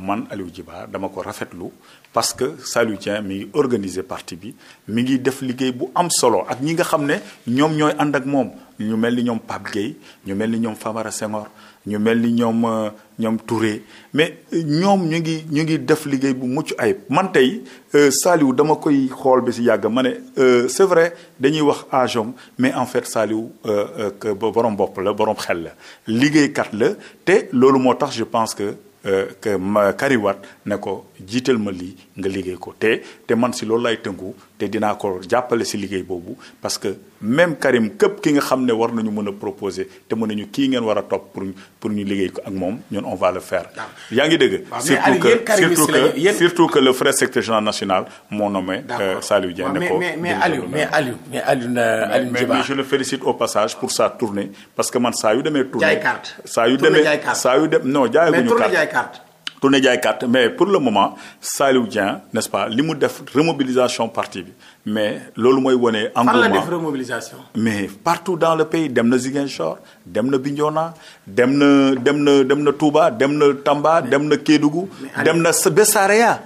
man Aliou jibaa dama ko rafetlu parce que Saliou tien mi ngi organiser partie bi mi ngi def liggéey bu am solo ak ñi nga xam ne ñoom ñooy ànd ak moom ñu mel ni ñoom Pape Gueye ñu mel ni ñoom Famara Senghor ñu mel ni ñoom euh, ñoom Touré mais euh, ñoom ñu ngi ñu ngi def liggéey bu mucc ayib man tey euh, Saliou dama koy xool bi si yàgg ma ne c'est vrai dañuy wax agom mais en fait Saliou borom bopp la borom xel la liggéeykat la te loolu moo tax je pense que Euh, que Karim Wade ne ko jiital ma lii nga liggéey ko te te man si loolu laay tëngu te dinaa ko jàppale si liggéey boobu parce que même Karim képp ki nga xam ne war nañu mën a proposer te mën nañu kii ngeen war a topp pour pour ñu liggéey ko ak moom ñun on va le faire. yaa ngi dëgg. surtout que surtout que surtout que le frère national moo nommé. Euh, Saliou Dieng ne ko mais mais mais Aliou mais Aliou mais je le félicite au passage pour sa tournée parce que man saa yu demee. tournée jaay carte saa yu demee saa yu dem non jaayaguñu carte. tourné jaay carte mais pour le moment Saliou Dieng n'est-ce pas li mu def remobilisation parti bi mais loolu mooy wone engouement fan la def remobilisation. mais partout dans le pays dem na Ziguinchor dem na Bignona dem na dem na dem na Touba dem na Tamba dem na Kédougou. dem na ba Saraya.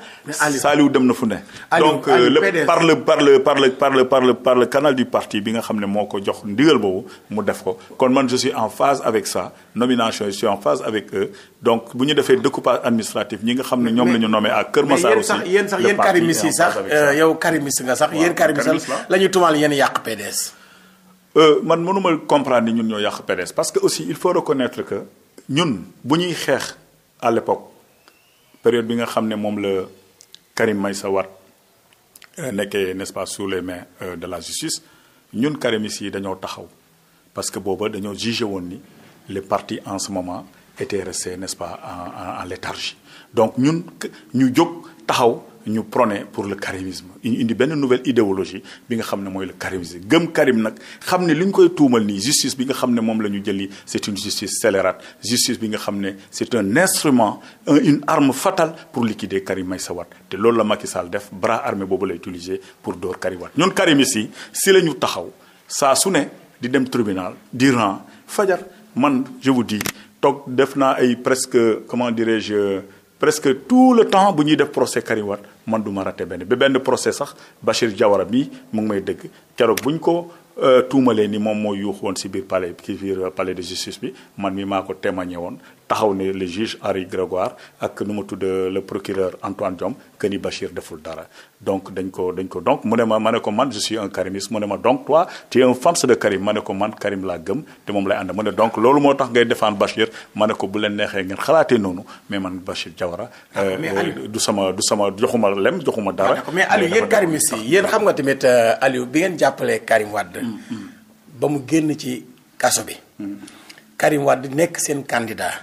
Saliou dem na fu ne. donc euh, le par le par le par le par le par le par le canal du parti bi nga xam ne moo ko jox ndigal boobu mu def ko kon man je suis en phase avec ça nomination je suis en phase avec eux donc bu ñu defee découpage administratif ñi nga xam ne ñoom la ñu nommé à Kër Massar aussi yéen sax yéen karimis yi sax euh, yow karimis nga sax yéen karimis la ñu tumaal yéen yàq PDS. Euh, man mënuma comprendre ñun ñoo yàq PDS parce que aussi il faut reconnaître que ñun bu ñuy xeex à l'époque période bi nga xam ne moom la Karim Meïssa Wade euh, nekkee n'est-ce pas sous les mains euh, de la justice ñun karimistes yi dañoo taxaw parce que booba dañoo jugé woon ni les partie en ce moment étaient restés nest en en léthargie donc ñun ñu jóg taxaw. ñu prone pour le karimisme ñu indi benn nouvelle idéologie bi nga xam ne mooy le karimisme gëm Karim nag xam ne li ñu koy tuumal nii justice bi nga xam ne moom la ñu jëli c'est une justice scélérate justice bi nga xam ne c'est un instrument une arme fatale pour liquider Karim Meïssa Wade te loolu la Macky Sall def bras armé boobu la utiliser pour dóor Karim Wade ñun karimis yi si la ñu taxaw saa su ne di dem tribunal di ran fajar man je vous dis toog def naa ay presque comment dirais-je presque tout le temps bu ñuy def procès Karim man du ma raté benn ba benn procès sax Bachir jawara bi mu ngi may dëgg keroog bu ñu ko euh, tuumalee ni moom moo yuuxu woon si biir pale ci biir palais de justice bi man mi maa ko témoigné woon taxaw ne le juge Henri Grégoire ak nu ma tudd le procureur Antoine Diome que ni Bachir deful dara donc dañ ko dañ ko donc mu ne ma ma ne ko man je suis un karimiste mu ne ma donc toi tu es un fan de Karim ma ne ko man Karim laa gëm te moom lay ànd mu ne donc loolu moo tax ngay défendre Bachir ma ne ko bu leen neexee ngeen xalaatee noonu mais man Bachir Diawara. Euh, du sama du sama joxuma lem joxuma dara. mais Aliou yéen karimiste yi yéen xam nga tamit euh, Aliou bi ngeen jàppalee Karim Wade. Mm, mm. ba mu génn ci kaso bi. Mm, Karim di nekk seen candidat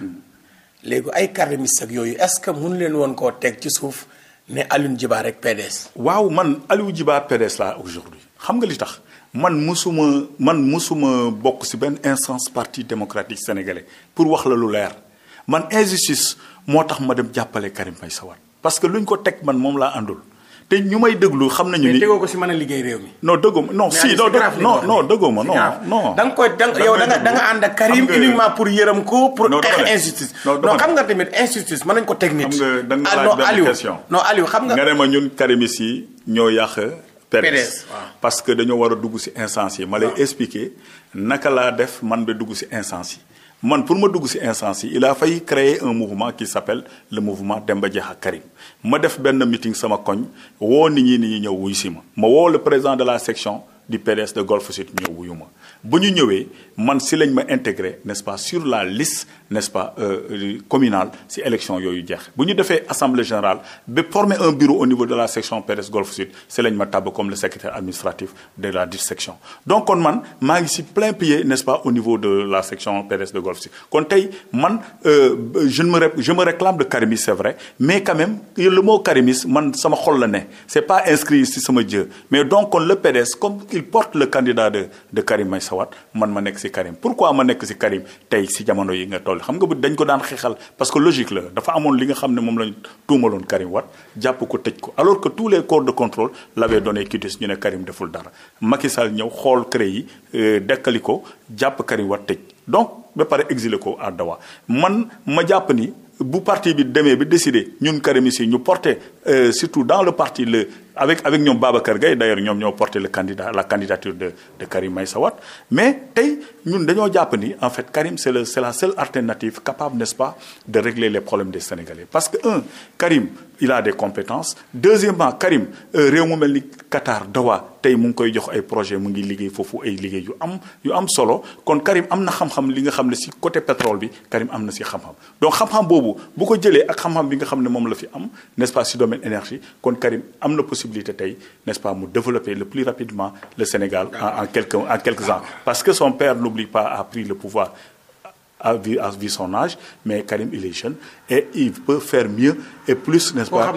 léegi ay karimiste ak yooyu est-ce que mënu leen woon koo teg ci suuf ne Aliou Djiba rek PDS. waaw man Aliou Djiba PDS laa aujourd'hui xam nga li tax man musuma man musuma bokk ci benn instance parti démocratique sénégalais pour wax la lu leer man injustice moo tax ma dem jàppale Karim Meïssa Wade parce que ñu ko teg man moom laa àndul. te ñu may déglu xam nañu ni. déggoo ko si mën a liggéey réew mi. non dëggoo non si non non non dëggoo ma non non. da nga koy da da nga da nga ànd Karim uniquement pour yërëm ko pour. xeex injustice. non xam nga tamit injustice mën nañ ko technique. xam nga da nga ah, laaj benn xam nga. nga ne ma ñun karimis yi ñoo yàq. PDS parce que dañoo war a dugg si instance yi ma lay expliquer naka laa def man ba dugg si instance yi man pour ma dugg ci instance yi il a failli créer un mouvement qui s'appelle le mouvement Demba ak Karim ma def benn meeting sama koñ woo nit ñi nit ñi ñëw wuyu si ma ma woo le président de la section di PDS de Golf Sud ñëw wuyu ma ba ñu ñëwee man si lañ ma intégré n'est-ce pas sur la liste n'est-ce pas euh, euh communale élection yooyu jeex bu ñu defee assemblée générale ba former un bureau au niveau de la section PDS Golf Sud si lañ ma tabb comme le secrétaire administratif de la dite section donc kon man maa ngi si plein pied n'est-ce pas au niveau de la section PDS de Golf Sud kon tey man euh, je me je me Karimis c'est vrai mais quand même le Karimis man sama xol la ne c'est pas si sama mais donc kon le PDS comme il porte le xewaat man ma nekk si Karim pourquoi ma nekk si Karim tey si jamono yi nga toll xam nga bu dañ ko daan xeexal parce que logique la dafa amoon li nga xam ne moom lañ tuumaloon Karim Wade jàpp ko tëj ko alors que tous les corps de contrôle l'avaient donné quitus ñu ne Karim deful dara Macky ñëw xool cré yi euh, dekkali ko jàpp Karim Wade tëj donc ba pare ko à man ma jàpp ni bu parti bi demee bi décidé ñun Karim si ñu porté euh, surtout dans le parti avec avec ñoom Babacar Gaye d'ailleurs ñoom ñoo porté le candidat la candidature de de Karim Meïssa Wade mais tey ñun dañoo jàpp ni en fait Karim c'est le c'est la seule alternative capable n'est-ce pas de régler les problèmes des Sénégalais parce que un Karim il a des compétences deuxièmement Karim euh, réew mu mel ni Qatar Doha tey mu ngi koy jox ay projet mu ngi liggéey foofu ay liggéey yu am yu am solo kon Karim am na xam-xam li nga xam ne si côté pétrole bi Karim am na ci xam-xam donc xam boobu bu ko jëlee ak xam bi nga xam ne moom la fi am n'est-ce pas kon Karim am na possibilité possibilité tey n'est-ce pas mu développer le plus rapidement le Sénégal en, en quelques en quelques ans parce que son père n'oublie pas a pris le pouvoir à vu son âge mais Karim il est jeune et il peut faire mieux et plus n'est-ce pas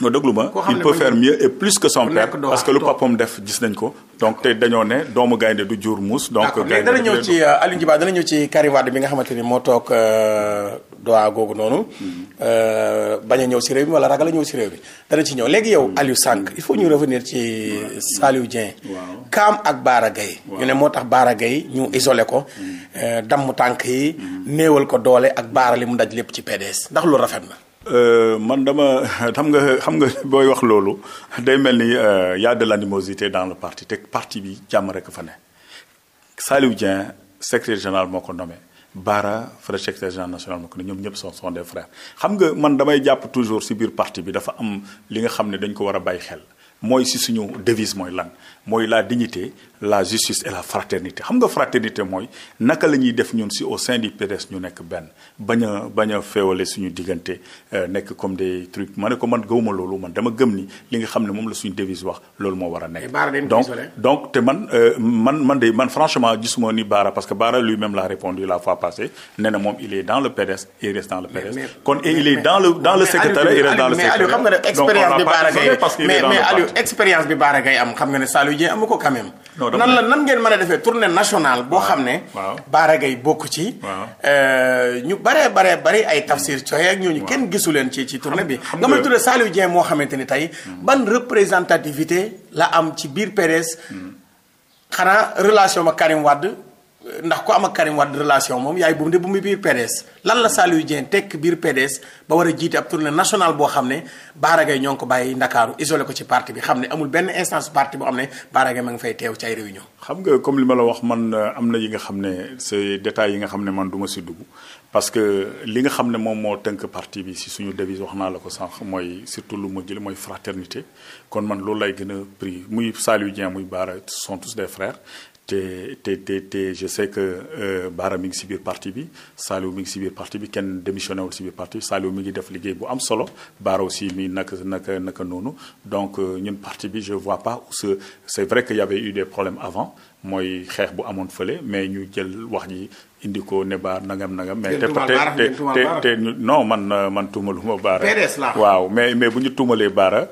nga déglu ma il peut faire et plus que son père parce que lu papam def gis nañ ko donc te dañoo ne doomu gaynde du jur muus donc léegi dana ñëw ci euh, Aliou Djiba dana ñëw ci Karim Wade bi nga xamante ni moo toog euh, doa googu noonu mm-hmm. euh, bañ a ñëw si réew mi wala ragal a ñëw si réew mi dana ci ñëw léegi yow Aliou Sànq il faut ñu revenir ci Saliou Dieng Kaam ak Baara Gaye ñu ne moo tax Baara Gaye ñu mm-hmm. isolé ko mm-hmm. damm tànk yi néewal ko doole ak Baara li mu daj lépp ci PDS ndax lu rafet na Euh, man dama xam nga xam nga <laughs> booy wax loolu day mel ni euh, y a de l'animosité dans le parti teg parti bi jàmm rek fa ne Saliou Dieng secrétaire général moo ko nommé Bara Fara secrétaire général national moo ko ne ñoom ñëpp sont sont des frères xam nga man damay jàpp toujours ci biir partie bi dafa am li nga xam ne dañ ko war a bàyyi xel mooy si suñu devise mooy lan mooy la dignité la justice et la fraternité xam nga fraternité mooy naka la ñuy def ñun si au sein du PDS ñu nekk benn bañ a bañ suñu diggante euh, nekk comme des trucs ma ne ko man gëwuma loolu man dama gëm ni li nga xam ne moom la suñu devise wax loolu moo war a nekk donc donc te man euh, man man de man franchement gisuma ni Bara parce que Bara lui-même l'a répondu la fois passée nee moom il est dans le PDS il dans le expérience bi Bara ngay am xam nga ne Saliou Dieng amu ko quand même. nan la nan ngeen mën a defee tournée nationale boo xam ne. waaw Bara Gaye bokk ci. Euh, ñu bare bare bari ay mm. tafsir cooy ak ñooñu kenn gisu leen ci ci tournée bi. nga may tuddee Saliou Dieng moo xamante ni tey. Mm. ban représentativité la am ci biir PDS. Mm. xanaa relation ma Karim Wade. ndax ko am ak Karim Wade relation moom yaay bu mu de bu mu biir PDS lan la Saliou Dieng biir PDS ba war a jiite ab tournée nationale boo xam ne Baara Gaye ñoo ko bàyyi Ndakaaru isolé ko ci parti bi xam ne amul benn instance parti boo xam ne Baara Gaye ma ngi fay teew ci ay réunion xam nga comme li ma la wax man euh, am na yi nga xam ne ces yi nga xam ne man duma si dugg parce que li nga xam ne moom moo tënk parti bi si suñu devise wax naa la ko sànq mooy surtout lu ma jël mooy fraternité kon man loolu lay gën a pris muy Saliou Dieng muy Baara sont des frères te te te te je sais que euh, Baara mi ngi si biir parti bi Saliou mi ngi si biir parti bi kenn démissionné wul si biir parti bi Saliou mi ngi def liggéey bu am solo Baara aussi mi naka naka naka noonu donc euh, ñun parti bi je vois pas ce c'est vrai que y avait des problèmes avant mooy xeex bu amoon fële mais ñu jël wax ñi indi ko ne baar nagam nagam mais te te te non man euh, man tuumaluma baara. waaw mais mais bu ñu tuumalee baara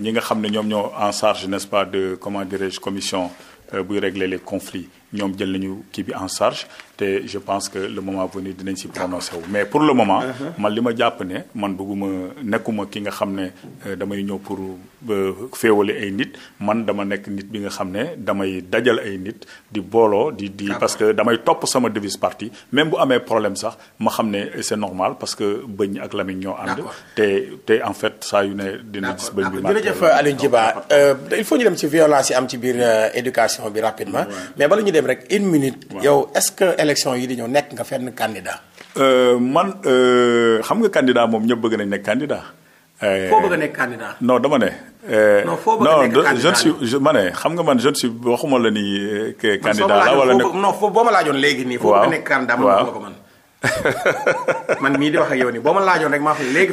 ñi nga xam ne ñoom ñoo en charge n'est-ce de comment dirais-je commission. Euh, buy régler les conflits ñoom jël nañu kii bi en charge te je pense que le moment venu dinañ si prononcé wu mais pour le moment uh-huh. man li ma jàpp ne man bëgguma nekkuma ki nga xam ne euh, damay ñëw pour euh, féewale ay nit man dama nekk nit bi nga xam ne damay dajal ay nit di booloo di di parce que damay topp sama devise partie même bu amee problème sax ma xam ne c'est normal parce que bëñ ak lamiñ ñoo ànd te te en fait saa yu ne dina gis bëñ bi jërëjëf Aliou Djiba euh, il faut ñu dem ci violence yi am ci biir éducation bi dem rek une minute. yow est-ce que élection yi di ñëw nekk nga fenn candidat. Euh, man euh, xam nga candidat moom ñëpp bëgg nañ nekk candidat. Euh, foo bëgg a nekk candidat. non dama ne. non foo bëgg a nekk candidat non ne xam nga man je ne waxuma la ni. que candidat la wala nekk man foo boo ma laajoon léegi nii. waaw foo bëgg a nekk candidat man ma ko man. <laughs> man mii di wax ak yow nii boo ma laajoon rek maa xam léegi.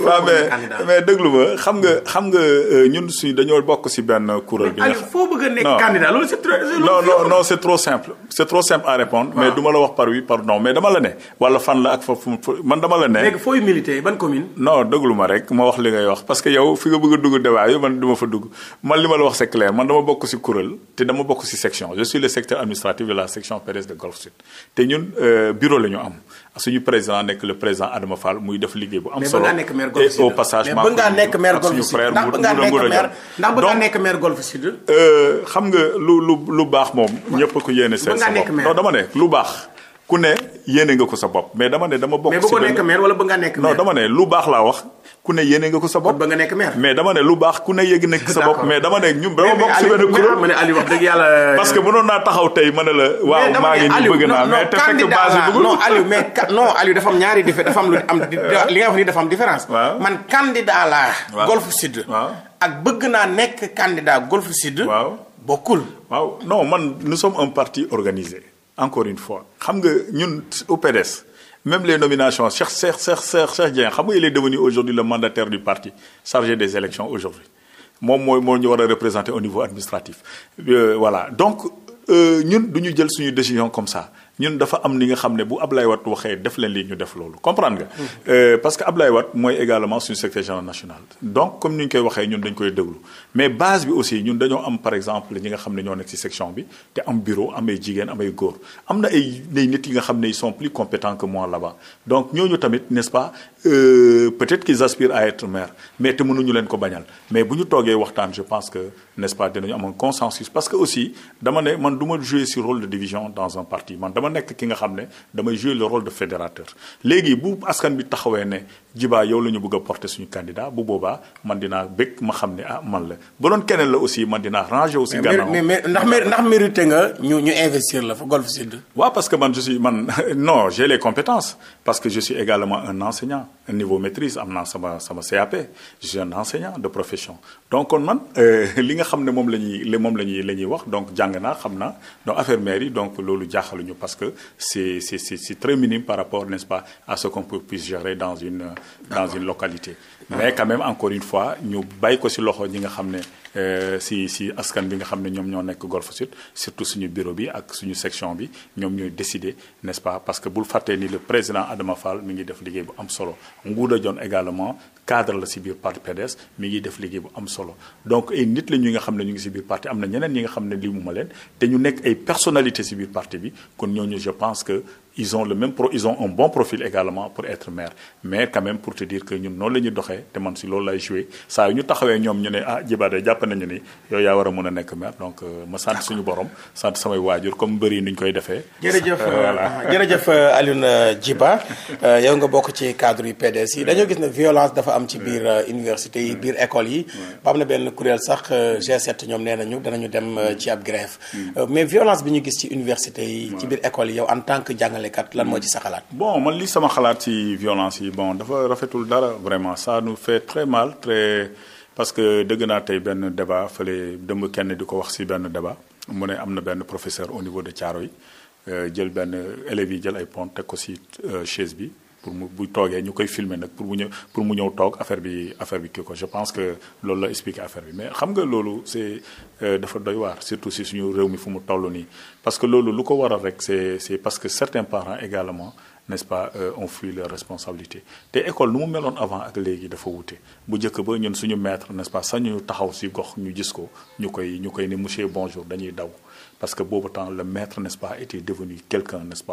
mais déglu ma xam nga xam nga euh, ñun suñu dañoo bokk si benn kuréel bi. nga xam foo bëgg a nekk candidat loolu mais ah. du ma la wax par oui par non mais dama la ne. wala fan la ak fa fu la ne. léegi fooy milité ban commune. non déglu ma rek ma wax wax parce que yow fi nga dugg débat yi man du ma fa dugg man li ma la wax c'est clair man dama bokk si kuréel te dama bokk si section je suis le secteur administratif de la section PDS de Golf Sud te ñun euh, bureau la ñu am suñu président nekk le président Adama Fall muy def liggéey bu am solo et au passage ma ak suñu frère donc euh, xam nga lu lu lu baax moom ñëpp ko yéene seen sa bopp non dama ne lu baax ku ne yéene nga ko sa bopp mais dama ne dama bokk. mais bu ko nekk maire nekk maire non dama ne lu baax laa wax ku ne yéene bopp. ba nga nekk maire mais dama lu baax ku ne yéeg nekk sa bopp. mais dama ne ñun que mënoon naa taxaw tey ma ne la. waaw maa ngi nii bëgg naa mais te fekk base bi bëggul am ñaari différence dafa am lu am <laughs> li nga wax ak bëgg naa nekk candidat Golf Sud. waaw bokkul. waaw non man nous sommes un parti organisé encore une fois xam nga ñun au PDS même les nominations Cheikh Cheikh Cheikh Cheikh Cheikh Dieng xam nga il est devenu aujourd'hui le mandataire du parti chargé des élections aujourd'hui moom mooy moo ñu war a représenter au niveau administratif euh, voilà donc euh, ñun du ñu jël suñu décision comme ça ñun dafa am li nga xam ne bu Ablaye Wade waxee def leen lii ñu def loolu comprendre nga. Euh, parce que Ablaye Wade mooy également suñu secrétaire général national. donc comme ni ñu koy waxee ñun dañ koy déglu mais base bi aussi ñun dañoo am par exemple ñi nga xam ne ñoo nekk ci section bi te am bureau am ay jigéen am ay góor am na ay nit yi nga xam ne ils sont plus compétents que moi là-bas donc ñooñu tamit n'est-ce pas Euh, peut-être qu'ils aspirent à être maire mais te mënuñu leen ko bañal mais bu ñu toogee waxtaan je pense que n'est-ce pas dinañu am un consensus parce que aussi dama ne man du ma jouer si rôle de division dans un parti man dama nekk ki nga xam ne damay jouer le rôle de fédérateur léegi bu askan bi taxawee ne jibaa yow la ñu bëgg a porter suñu candidat bu boobaa man dinaa bëgg ma xam ne ah man la ba doon keneen la aussi man dinaa ranger aussi gannaaw mais mais ndax ndax mérité nga ñu ñu la fa Golf Sud waaw parce que man je suis man <laughs> parce que je suis également un niveau maîtrise am naa sama sama CAP jeune enseignant de profession donc kon man euh, <laughs> li nga xam ne moom la ñuy moom la ñuy la ñuy wax donc jàng naa xam naa donc affaire maire yi donc loolu jaaxaluñu parce que c'est c'est c'est très minime par rapport n'est-ce pas à ce qu'on peut puisse gérer dans une dans une localité mais quand même encore une fois ñu bàyyi ko si loxo ñi nga xam ne Euh, si si askan bi nga xam ne ñoom ñoo nekk Golf Sud surtout suñu bureau bi ak suñu section bi ñoom ñooy décidé n'est-ce pas parce que bul fàttee ni le président Adama Fall mi ngi def liggéey bu am solo Ngouda Dione également cadre la si biir parti PDS mi ngi def liggéey bu am solo donc ay nit la ñuy nga xam ne ñu ngi si biir parti am na ñeneen ñi nga xam ne lii mu ma leen te ñu nekk ay personalité si biir parti bi kon ñooñu je pense que ils ont le même pro ils ont un bon profil également pour être maire mais quand même pour te dire que ñun noonu la ñuy te man si loolu lay joué saa yu ñu taxawee ñoom ñu ne ah jibaade jàpp nañu ni yow yaa war a mën a nekk maire donc nga bokk ci cadre yu PDS yi dañoo gis ne violence dafa am ci biir euh, université yi biir école yi. ba am na benn kuréel sax euh, G7 ñoom nee dana ñu dem euh, ci ab grève mais violence bi ñu gis ci université yi. ci biir école yi yow en tant que jàngale jàngalekat lan moo ci sa xalaat. bon man li sama xalaat si violence yi bon dafa rafetul dara vraiment ça nous fait très mal très parce que dëgg naa tey benn débat fële dëmb kenn di ko wax si benn débat mu ne am na benn professeur au niveau de Thiaroye euh, jël benn élèves yi jël ay pont teg ko si euh, chaise bi. pour mu bu toogee ñu koy filmer nag pour mu ñëw pour mu ñëw toog affaire bi affaire bi kii ko je pense que loolu la expliquer affaire bi mais xam nga loolu c'est euh, dafa doy waar surtout si suñu réew mi fu mu toll nii parce que loolu lu ko waral rek c'est c'est parce que certains parents également n'est-ce pas euh, on fuit leur responsabilité te école nu mu meloon avant ak léegi dafa wute bu njëkk ba ñun suñu maître nest pas sax ñu taxaw si gox ñu gis ko ñu koy ñu koy ne monsieur bonjour dañuy daw parce que boobu temps le maître n'est-ce pas était devenu quelqu'un n'est-ce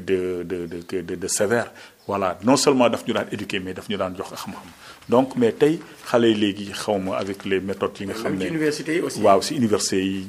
de de de sévère voilà non seulement daf ñu daan éduquer mais daf ñu daan jox xam-xam donc mais tey xale yi léegi xaw ma avec les méthodes yi nga xam ne université yi aussi waaw si université yi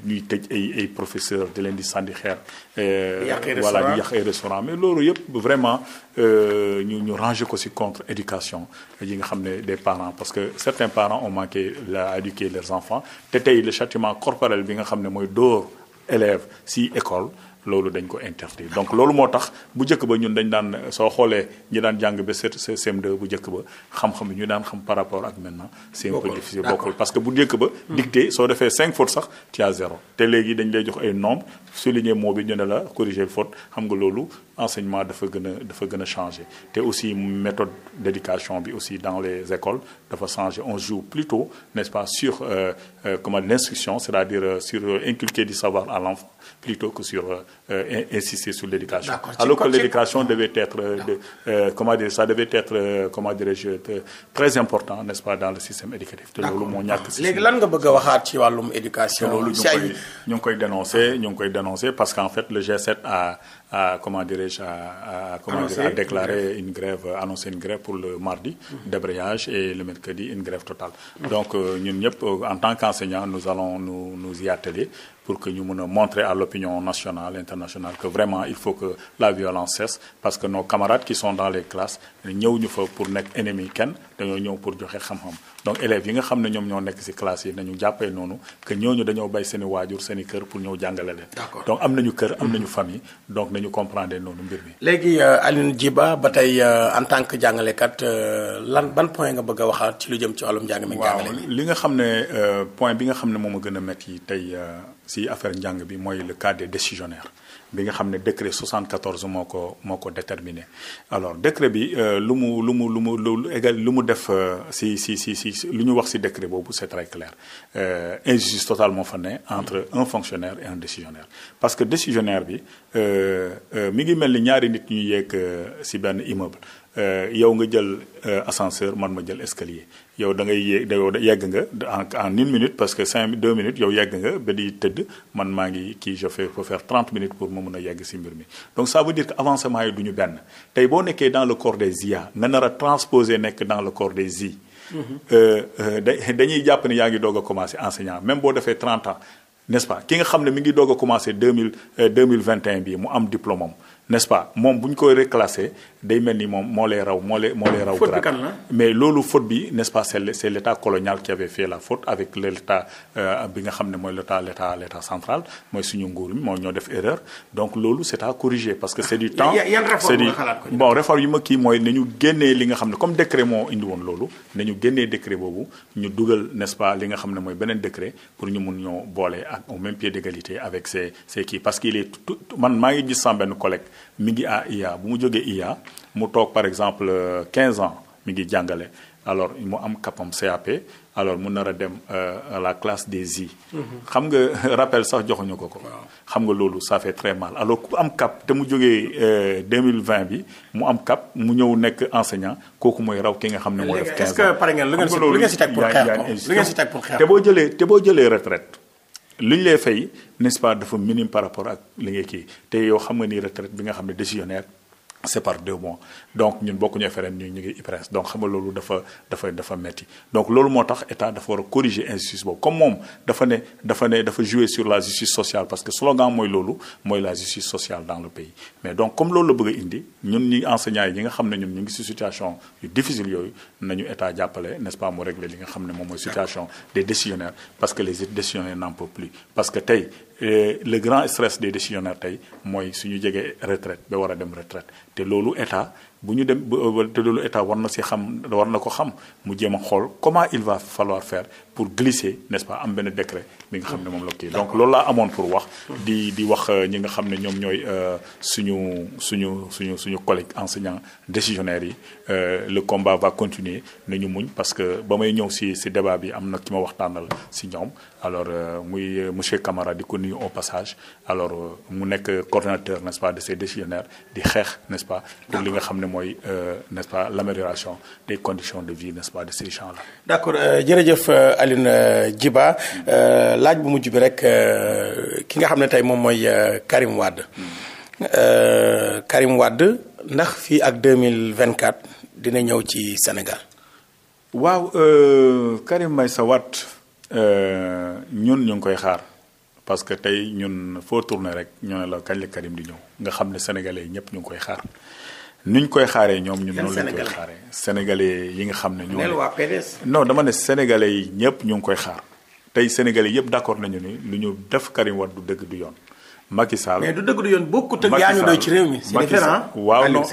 di leen di sànni xeer euh, voilà di yàq ay restaurant mais loolu yëpp vraiment euh, ñu ñu ranger ko si contre éducation yi nga xam ne des parent parce que certains parents ont manqué à éduquer leurs enfants te tey le châtiment corporel bi nga xam ne mooy dóor élèves si école loolu dañ ko interdire donc loolu moo tax bu njëkk ba ñun dañ daan soo xoolee ñi daan jàng ba CM2 bu njëkk ba xam-xam ñu daan xam par rapport ak maintenant c'est un peu difficile bokkul parce que bu njëkk ba hmm. dictée soo defee cinq fautes sax ci as zéro te léegi dañ lay jox ay nombre souligner moo bi ñu ne la corriger faute xam nga loolu enseignement dafa gën a dafa gën a te aussi méthode d'éducation bi aussi dans les écoles dafa changé on joue plutôt n'est-ce pas sur euh, euh, comment l'instruction c'est-à-dire euh, sur euh, inculquer du savoir à l'enfant plutôt que sur euh, insister sur l'éducation alors que l'éducation ah. devait être euh, de, comment dire ça très important n'est-ce pas dans le système éducatif te loolu moo ñàkk si lan nga bëgg a waxaat ci wàllum éducation loolu ñu ngi koy ñu ngi koy dénoncer ñu ngi koy dénoncer déjà a déclarer une grève euh, annoncé une grève pour le mardi mm-hmm. débrayage et le mercredi une grève totale mm-hmm. donc euh, ñun ñëpp euh, en tant qu'enseignants nous allons nous y atteler pour que ñu mun a montrer à l'opinion nationale internationale que vraiment il faut que la violence parce que nos camarades qui sont dans les classes ñëw ñu fa pour nekk ennemi kenn dañoo ñëw pour joxe xam-xam donc élèves yi nga xam ne ñoom ñoo nekk ci classe yi nañu jàppee noonu que ñooñu dañoo bay seeni waajur seeni kër pour ñëw jàngale leen. donc am nañu kër am nañu famille donc nañu comprendre noonu mbir mi. léegi euh, Alioune Djiba ba tey euh, en tant que jàngalekat euh, lan ban point nga bëgg a waxaat ci lu jëm ci wàllum njàng mi. waaw li nga xam ne point bi nga xam ne moom a gën a métti tey si affaire njàng bi mooy le cas des décisionnaires bi nga xam ne décret 74 moo ko moo ko déterminé alors décret bi euh, lu mu lu mu lu mu lu égal lu mu def euh, si si si si lu ñu wax si décret boobu c'est très clair euh, injustice totale moo fa ne entre un fonctionnaire et un décisionnaire parce que décisionnaire bi mi ngi mel ni ñaari nit ñu yegg si benn immeuble yow nga jël ascenseur man ma jël escalier yow da ngay yéeg yow yegg nga en en une minute parce que cinq deux minutes yow yegg nga ba di tëdd man maa ngi kii je fais faut faire trente minutes pour ma mun a yegg si mbir mi donc ça veut dire que avancement yi du ñu benn tey boo nekkee dans le corps des IA nga nar transposer nekk dans le corps des I. Mm-hmm. Euh, euh, da dañuy jàpp ni yaa ngi doog a commencé enseignant même boo defee trente ans nest pas ki nga xam ne mi ngi doog a commencé deux mille euh, deux mille vingt et un bii mu am diplôme am nest moom bu ñu koy reclassé day mel ni moom moo lay raw moo lay lay raw grade mais loolu faute bi n'est-ce pas c'est c'est l'état colonial qui avait fait la faute avec l'état euh, bi nga xam ne mooy l'état l'état l'état central mooy suñu nguur mi moo ñoo def erreur donc loolu c'est à corriger parce que c'est du ah, temps c'est du bon réforme yi ma kii mooy na ñu génnee li nga xam ne comme décret moo indi loolu na ñu génnee décret boobu ñu dugal n'est-ce pas li nga xam ne mooy beneen décret pour ñu mun ñoo boole ak au même pied d'égalité avec parce qu'il est man maa ngi gis sama benn mi ngi ah IA bu mu jógee IA mu toog par exemple 15 euh, ans mi ngi jàngale alors mu am kapam CAP alors mu nar a dem euh, à la classe des I. Mhm. xam nga <laughs> rappel sax joxuñu ko ko. xam nga loolu sa fait très mal alors ku am cap te mu jógee 2020 euh, bi mu am cap mu ñëw nekk enseignant kooku mooy raw ki nga xam ne. moo def 15 ans est-ce que te boo jëlee te boo jëlee retraite li ñu lay fay n'est-ce pas dafa minime par rapport ak li ngay kii te yow xam nga nii ni retraite bi nga xam ne décisionnaire c'est par deux mois donc ñun bokkuñu FRN ñu ñu ngi IPRES donc xam nga loolu dafa dafa dafa metti donc loolu moo tax état dafa war a corriger injustice boobu comme moom dafa ne dafa ne dafa jouer sur la justice sociale parce que slogan mooy loolu mooy la justice sociale dans le pays mais donc comme loolu la bëgg a indi ñun ñi enseignants yi ñi nga xam ne ñu ngi ci situation yu yooyu nañu état jàppale nest pas mu régler li nga xam ne moom moo situation des décisionnaires que les décisionnaires n'en le grand stress des décisionnaires tey mooy suñu jegee retraite ba war a dem retraite te loolu état bu ñu dem euh, te loolu état war na si xam war na ko xam mu jéem a xool comment il va falloir faire pour glisser n'est-ce am benn décret li nga xam ne moom loolu laa amoon pour wax di di wax euh, ñi nga xam ne ñoom ñooy euh, suñu suñu suñu suñu collègue enseignant décisionnaire yi euh, le combat va continuer ñu muñ parce que ba may ñëw si si débat bi am na ki ma waxtaanal si ñoom alors muy monsieur Camara di ko nuyu au passage alors mu nekk coordonnateur n'est-ce pas de ces décisionnaires di xeex n'est-ce pas pour li nga xam ne mooy n'est-ce pas l'amélioration des condition de vie n'est-ce pas de ces gens-là d'accord laaj bu mujj bi rek euh, ki nga xam ne tey moom mooy euh, Karim Wade. Euh, Karim wàdd ndax fii ak deux mille vingt quatre dina ñëw ci Sénégal. waaw Karim Meïssa Wade ñun ñu ngi koy xaar parce que tey ñun foo tourné rek ñoo ne la kañ la Karim di ñëw nga xam ne sénégalais yi ñëpp ñu ngi koy xaar. ni koy xaaree ñoom ñun noonu lañ koy xaaree sénégalais xam ne ñoo. non dama ne sénégalais yi ñëpp ñu ngi koy xaar. tey sénégalais yëpp d'accord nañu ni lu ñu def Karim du dëgg du yoon. Macky Sall mais du dëgg du yoon bokkut ak yaa ñu doy ci réew mi. c'est différent waaw non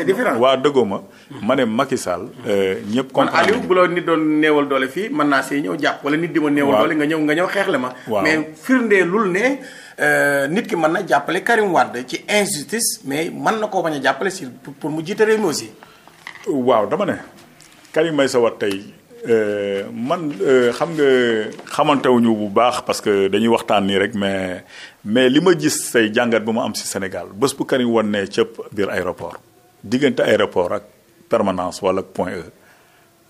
waaw dëggoo ma. ma ne Macky mm. euh, ñëpp kon Aliou doon néewal doole fii mën naa see ñëw jàpp wala nit di ma néewal doole nga ñëw nga ñëw xeexle ma. mais firndeelul ne euh, nit ki mën na jàppale Karim Wade ci injustice mais mën na koo bañ jàppale si pour mu jiite réew mi aussi. waaw dama ne Karim Meïssa Wade tey Euh, man euh, xam nga xamantewuñu bu baax parce que dañuy waxtaan nii rek mais mais li ma gis say jàngat bu ma am si Sénégal bés bu Karim Wade ne cëpp biir aéroport diggante aéroport ak permanence wala point E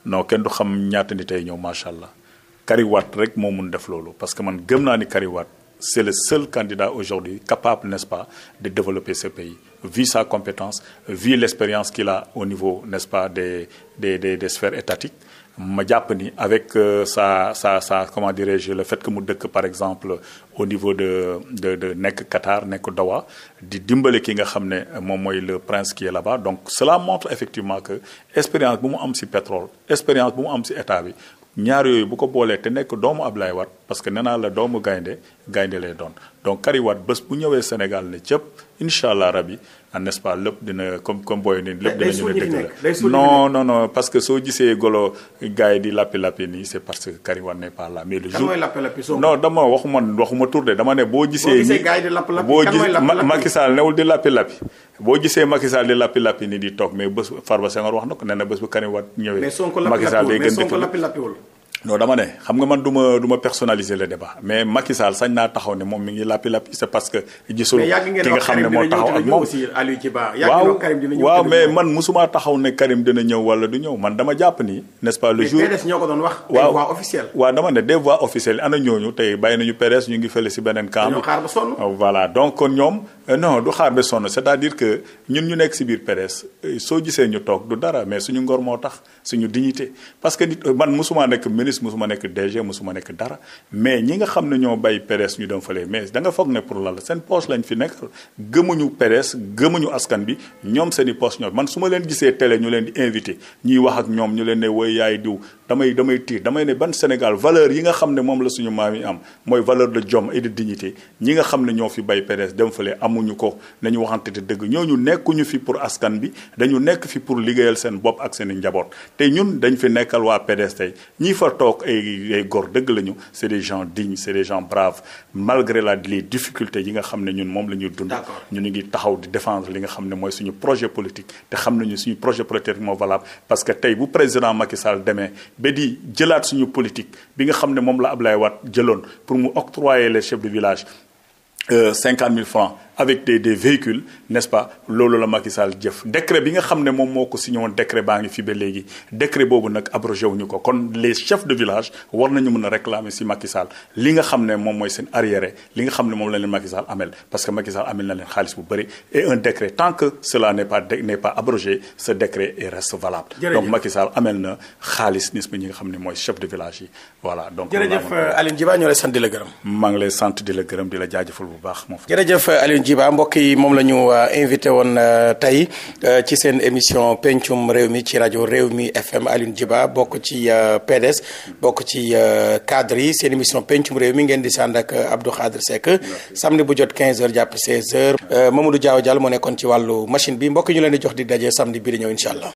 non kenn du xam ñaata nit ñëw macha allah Karim Wade rek moo mun def loolu parce que man gëm naa ni Karim Wade c'est le seul candidat aujourd'hui capable n'est-ce pas de développer ce pays vu compétence vu l'expérience qu'il a au niveau n'est-ce pas des des des, des sphères étatiques ma jàpp ni avec euh, sa sa sa comment dirais-je le fait que mu dëkk par exemple au niveau de de de nekk Qatar nekk Doha di dimbale ki nga xam ne moom mooy le prince qui est là-bas donc cela montre effectivement que expérience bu mu am si pétrole expérience bu mu am si état bi ñaar yooyu bu ko boolee te nekk doomu Ablaye Wade parce que nee naa la doomu gaynde gaynde lee doon donc Karim Wade bés bu ñëwee Sénégal ne cëpp incha allah rabi. Ah, n'est-ce lépp dina comme comme booy nii lépp dina ñu ne dëgg la non non parce que soo gisee golo gars yi di lappi lappi nii c'est parce que Karim Wade n'est pas là mais le jour non dama waxuma waxuma tur dama ne boo gisee boo gis Macky Sall newul di lappi lappi boo gisee Macky Sall di lappi lappi nii di toog mais bés Farba wax na ko nee na bés bu Karim Wade ñëwee Macky Sall day gën dëkk non dama ne xam nga man du ma du ma personnaliser le débat mais Macky sañ naa taxaw ne moom mi ngi lappi lappi c'est parce que. gisul ki nga xam ne moo taxaw ak moom waaw man wala du ñëw man dama jàpp ni nest wax. waaw des voix officielles. waaw ñu ngi fële si beneen camp. dañoo xaar ba sonn. Oh, voilà donc ñoom euh, non c'est-à-dire que ñun ñu nekk si biir PDS euh, soo gisee ñu toog du dara mais suñu ngor moo tax suñu dignité parce que man musuma nekk ministre ministre musuma nekk DG musuma nekk dara mais ñi nga xam ne ñoo bàyyi PDS ñu dem fële mais danga nga foog ne pour lal seen poche lañ fi nekk gëmuñu PDS gëmuñu askan bi ñoom seen i poche ñor man su ma leen gisee télé ñu leen di invité ñuy wax ak ñoom ñu leen ne woy yaay diw damay damay tiir damay ne ban Sénégal valeur yi nga xam ne moom la suñu maam yi am mooy valeur de jom et de ñi nga xam ne ñoo fi bay PDS dem fale amuñu ko nañu waxante te dëgg ñooñu nekkuñu fi pour askan bi dañu nekk fi pour liggéeyal seen bopp seen njaboot te ñun dañ fi nekkal waa PDS tey ñi fa toog ay góor dëgg lañu c'est des gens dignes c'est des gens braves malgré la les difficultés yi nga xam ne ñun moom la ñuy dund ñu ngi taxaw di défendre li nga xam ne mooy suñu projet politique te xam nañu suñu projet politique moo valable parce que tey bu président Macky Sall demee ba jëlaat suñu politique bi nga xam ne moom la ab lay Wade jëloon pour mu octroyer les chefs de village euh, cinquante mille francs avec des des véhicules n'est-ce pas loolu la Macky jëf décret bi nga xam ne moom moo ko signé woon décret baa ngi fi ba léegi décret boobu nag abrogé wuñu ko kon les chefs de village war nañu mën a réclamer si Macky Sall li nga xam ne moom mooy seen arriéré li nga xam ne moom la leen Macky Sall amel parce que Macky Sall amel na leen xaalis bu bëri et un décret tant que cela n'est pas n'est pas abrogé ce décret est reste valable. donc Macky Sall na xaalis nis bi ñi nga xam ne mooy chef de village yi voilà. donc jërëjëf di la gërëm. maa ngi lay sant di la gërëm di la jaajëfal bu baax. Djiba mbokk yi moom la ñu euh, invité woon euh, tey euh, ci seen émission pencum réew mi ci rajo réew mi FM Alioune jiba bokk ci PDS bokk ci cadre yi seen émission pencum réew mi ngeen di sànd ak Abdou Khadre Seck samedi bu jot 15h jàpp 16h Mamadou Diaw Diallo moo nekkoon ci wàllu machine bi mbokk ñu leen di jox di daje samedi bii di ñëw allah.